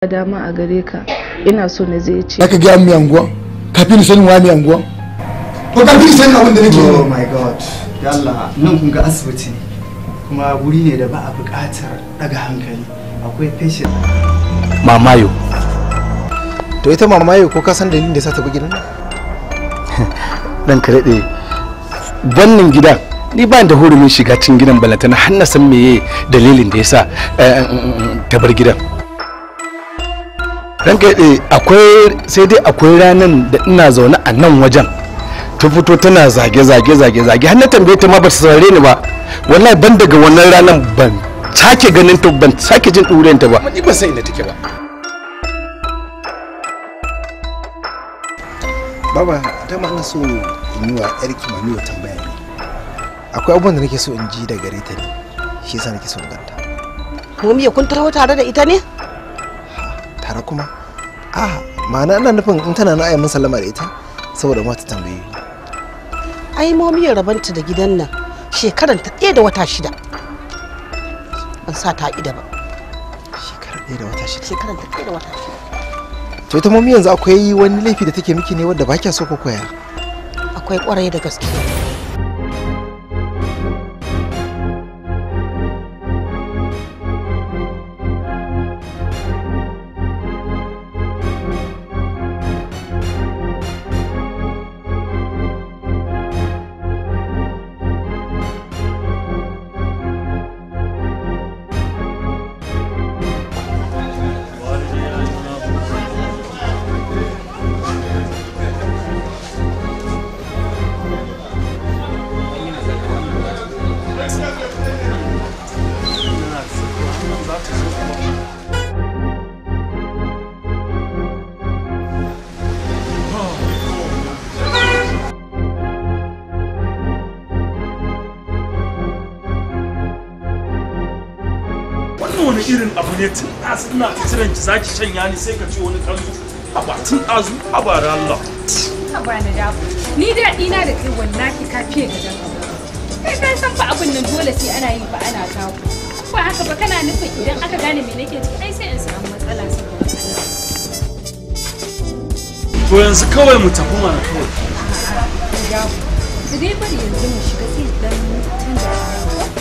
S6: a gare ina so na zai ce aka gaya sanin wa to sanin abin da nake oh my god
S1: yalla nan kun ga asibiti kuma a buƙatar daga hankali ka san dalilin da sa wannan gidan ni ba da hurumin shiga cikin gidan balantana har na san meye dalilin da yasa eh, eh, eh, ta bar gidan ranka eh akwai sai dai akwai ranan da ina zaune a nan wajen ta fito tana zage zage zage zage har na tambaye ta ma ba ta saurare ni ba wallahi ban daga wannan ranan ban sake ganin ta ban sake jin ɗuriyar ta ba ni sai san inda take ba baba ma ina so in yi wa yarki mami wa tambaya ne akwai abubuwan da nake so in ji da gare ta ne shi yasa nake so in ganta
S8: mu miya kun tarwa tare da ita ne
S1: tare kuma a ma'ana ina nufin in tana na ayyamin sallama da ita saboda ta tambaye
S8: ai momiyar rabanta da gidan nan shekaran ta ɗaya da wata shida ban sa ta ida ba
S1: shekaran ɗaya da wata
S8: shida shekaran ta ɗaya da wata shida
S1: to ita momi yanzu akwai wani laifi da take miki ne wanda ba kya so ko koya
S8: akwai kwarai da gaske
S4: shanya ne sai ka ce wani kanzu a batun azu a bara Allah.
S12: A da dabo. Ni daɗi na da kai wallahi ka fiye da dan Kai ka san fa abin nan dole sai ana yi ba ana kawo. Ba haka ba kana nufin idan aka gane me nake ciki ai sai in samu matsala saboda Allah.
S4: To yanzu kawai mu tafi mana kawai.
S12: Su dai bari yanzu mu shiga sai
S4: dan canza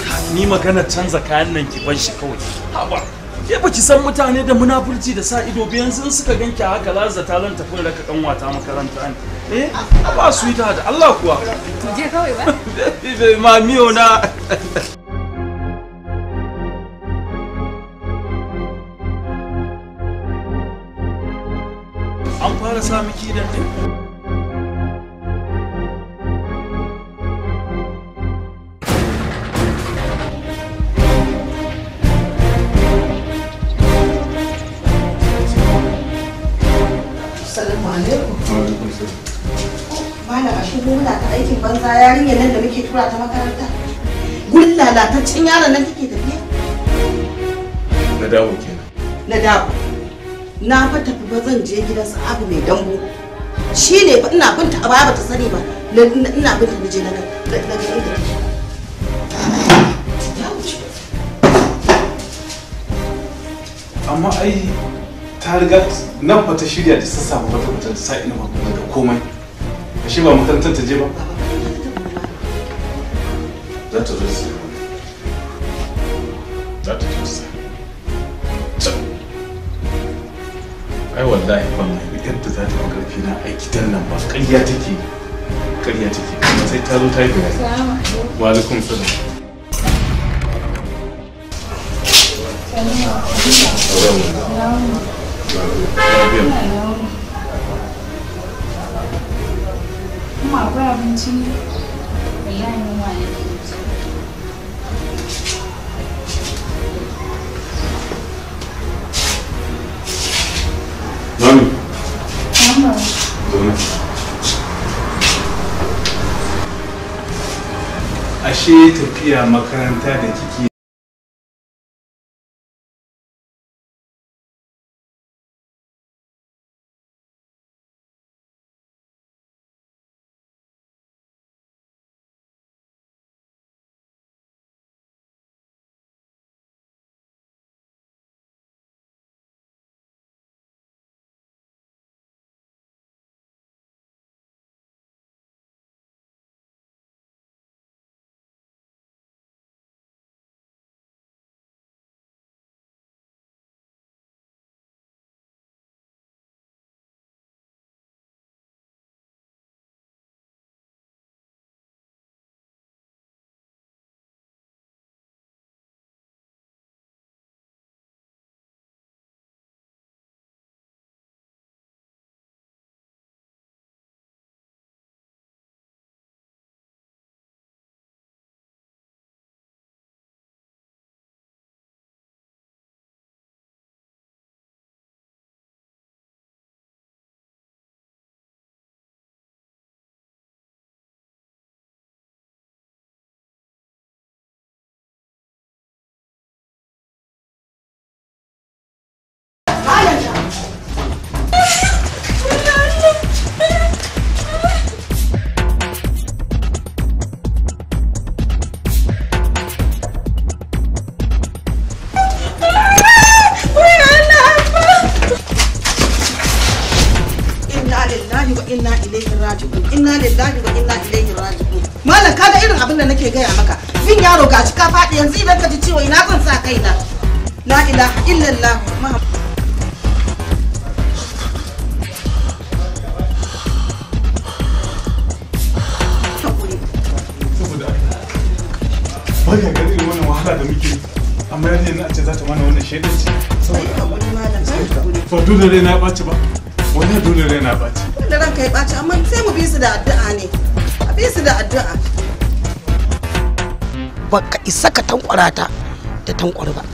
S4: kayan. Ni magana canza kayan nan ki ban shi kawai. Haba. ke ba ki san mutane da munafurci da sa ido biyan sun suka ganki haka lazza ta lan raka kan wata makaranta ne eh ba su yi da Allah kuwa to je kawai ba miyo na
S8: zan je gidan sa'abu mai dambu shi ne fa ina binta a baya bata sani ba ina binta na je na
S4: amma ai ta riga nan fa ta shirya da sassa ba ta fita ta sa ina
S2: ba
S11: daga komai ashe ba makarantar ta je ba za ta zo
S2: ai wallahi wallahi yadda za ta fi karfi na a gidan nan ba ƙarya take ƙarya take kuma sai ta zo ta yi
S5: bayani
S2: wa alaikum salam
S12: Kuma akwai abinci wallahi mun wane.
S6: ce tafiya makaranta da kike tankwara ta da tankwar ba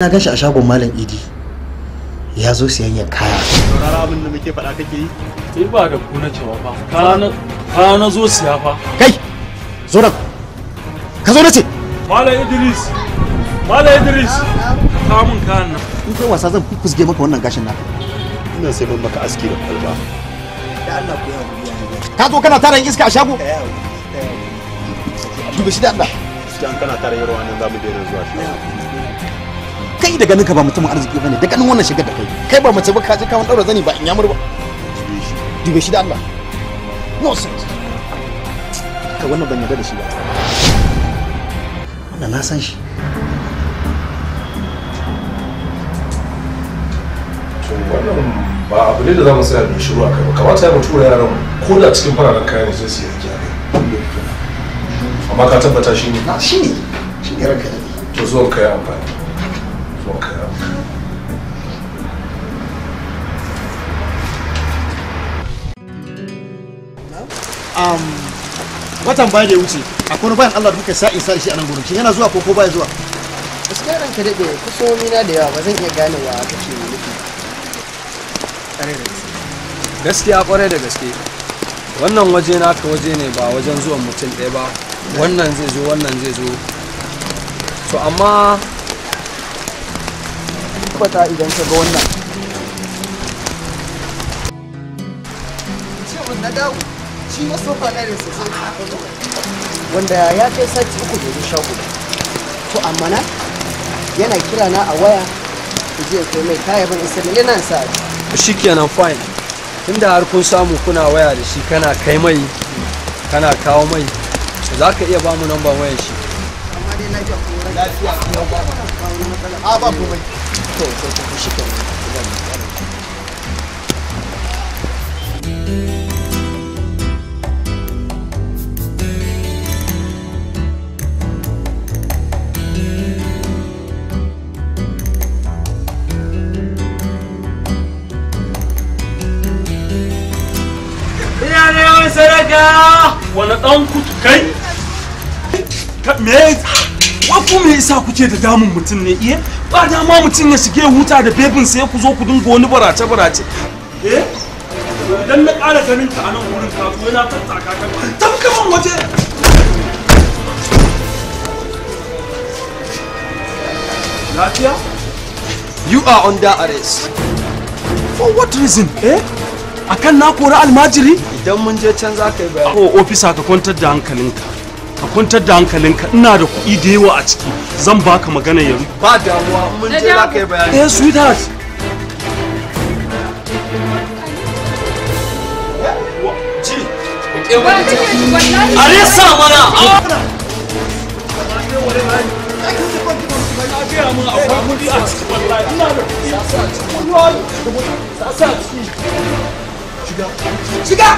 S6: na gashi a shagon malam idi ya zo siyan kaya saurara abin da muke faɗa kake yi sai
S4: ba da ku na cewa fa Ka na zo siya fa kai zo da ka zo na ce malam idris malam idris kamun kayan nan
S3: in kai wasa zan fuskuge maka wannan gashin naka ina sai ban maka aski da kwalba
S1: da Allah ku yi ka zo kana tara iska a shago dubi
S3: shi da Allah kana tara yarwa nan mu daina zuwa shago
S1: kai da ganin ka ba mutumin arziki bane da ganin wannan shiga da kai kai ba mace ba ka je ka daura zani ba in yamur ba dube shi da Allah no nonsense ka wannan ban yarda da shi ba wannan na san shi
S2: wannan ba abu ne da za mu tsaya mai shiru a kai ba kamata ya mutu yaran ko da cikin fararen kayan sun siya yake a kai amma ka tabbata shi ne shi ne shi ne ranka ne to zuwan kai amfani fuck
S3: Um, watan baya da ya wuce akwai bayan Allah da sa isa da shi a nan gurin yana zuwa ko ko baya zuwa
S8: gaskiya ran ka daɗe kusomi na da yawa ba zan iya gane wa kake nufi
S1: ƙwarai da gaske gaskiya ƙwarai da gaske wannan waje naka waje ne ba wajen zuwan mutum ɗaya ba wannan zai zo wannan zai zo to amma tabbata idan ka ga wannan
S4: wanda ya kai sati uku da shago to amma na yana kira na a waya
S3: ku je kai mai kaya ban isa ne yana sa
S1: shi kenan fine tunda har kun samu kuna waya da shi kana kai mai kana kawo mai za ka iya ba mu namban wayar shi amma dai lafiya lafiya ba ba a ba ba 欢迎
S4: 来到《小辣椒》，我那桶苦酒。看妹子。ku me yasa kuke da damun mutum ne iye eh? ba dama mutum ya shige huta da bebin sai ku zo ku dinga wani barace barace eh idan na ƙara ganin ka a nan wurin ka zo yana tattaka ka tankaman waje lafiya
S1: you are under arrest
S4: for what reason eh akan na kori almajiri idan mun je can za ka yi bayani ko ofisa ka kwantar da hankalinka ka kwantar da hankalinka ina da kuɗi da yawa a ciki zan baka magana yanzu ba damuwa mun je za ka yi bayani eh sweetheart Arisa mana! Shiga! Shiga!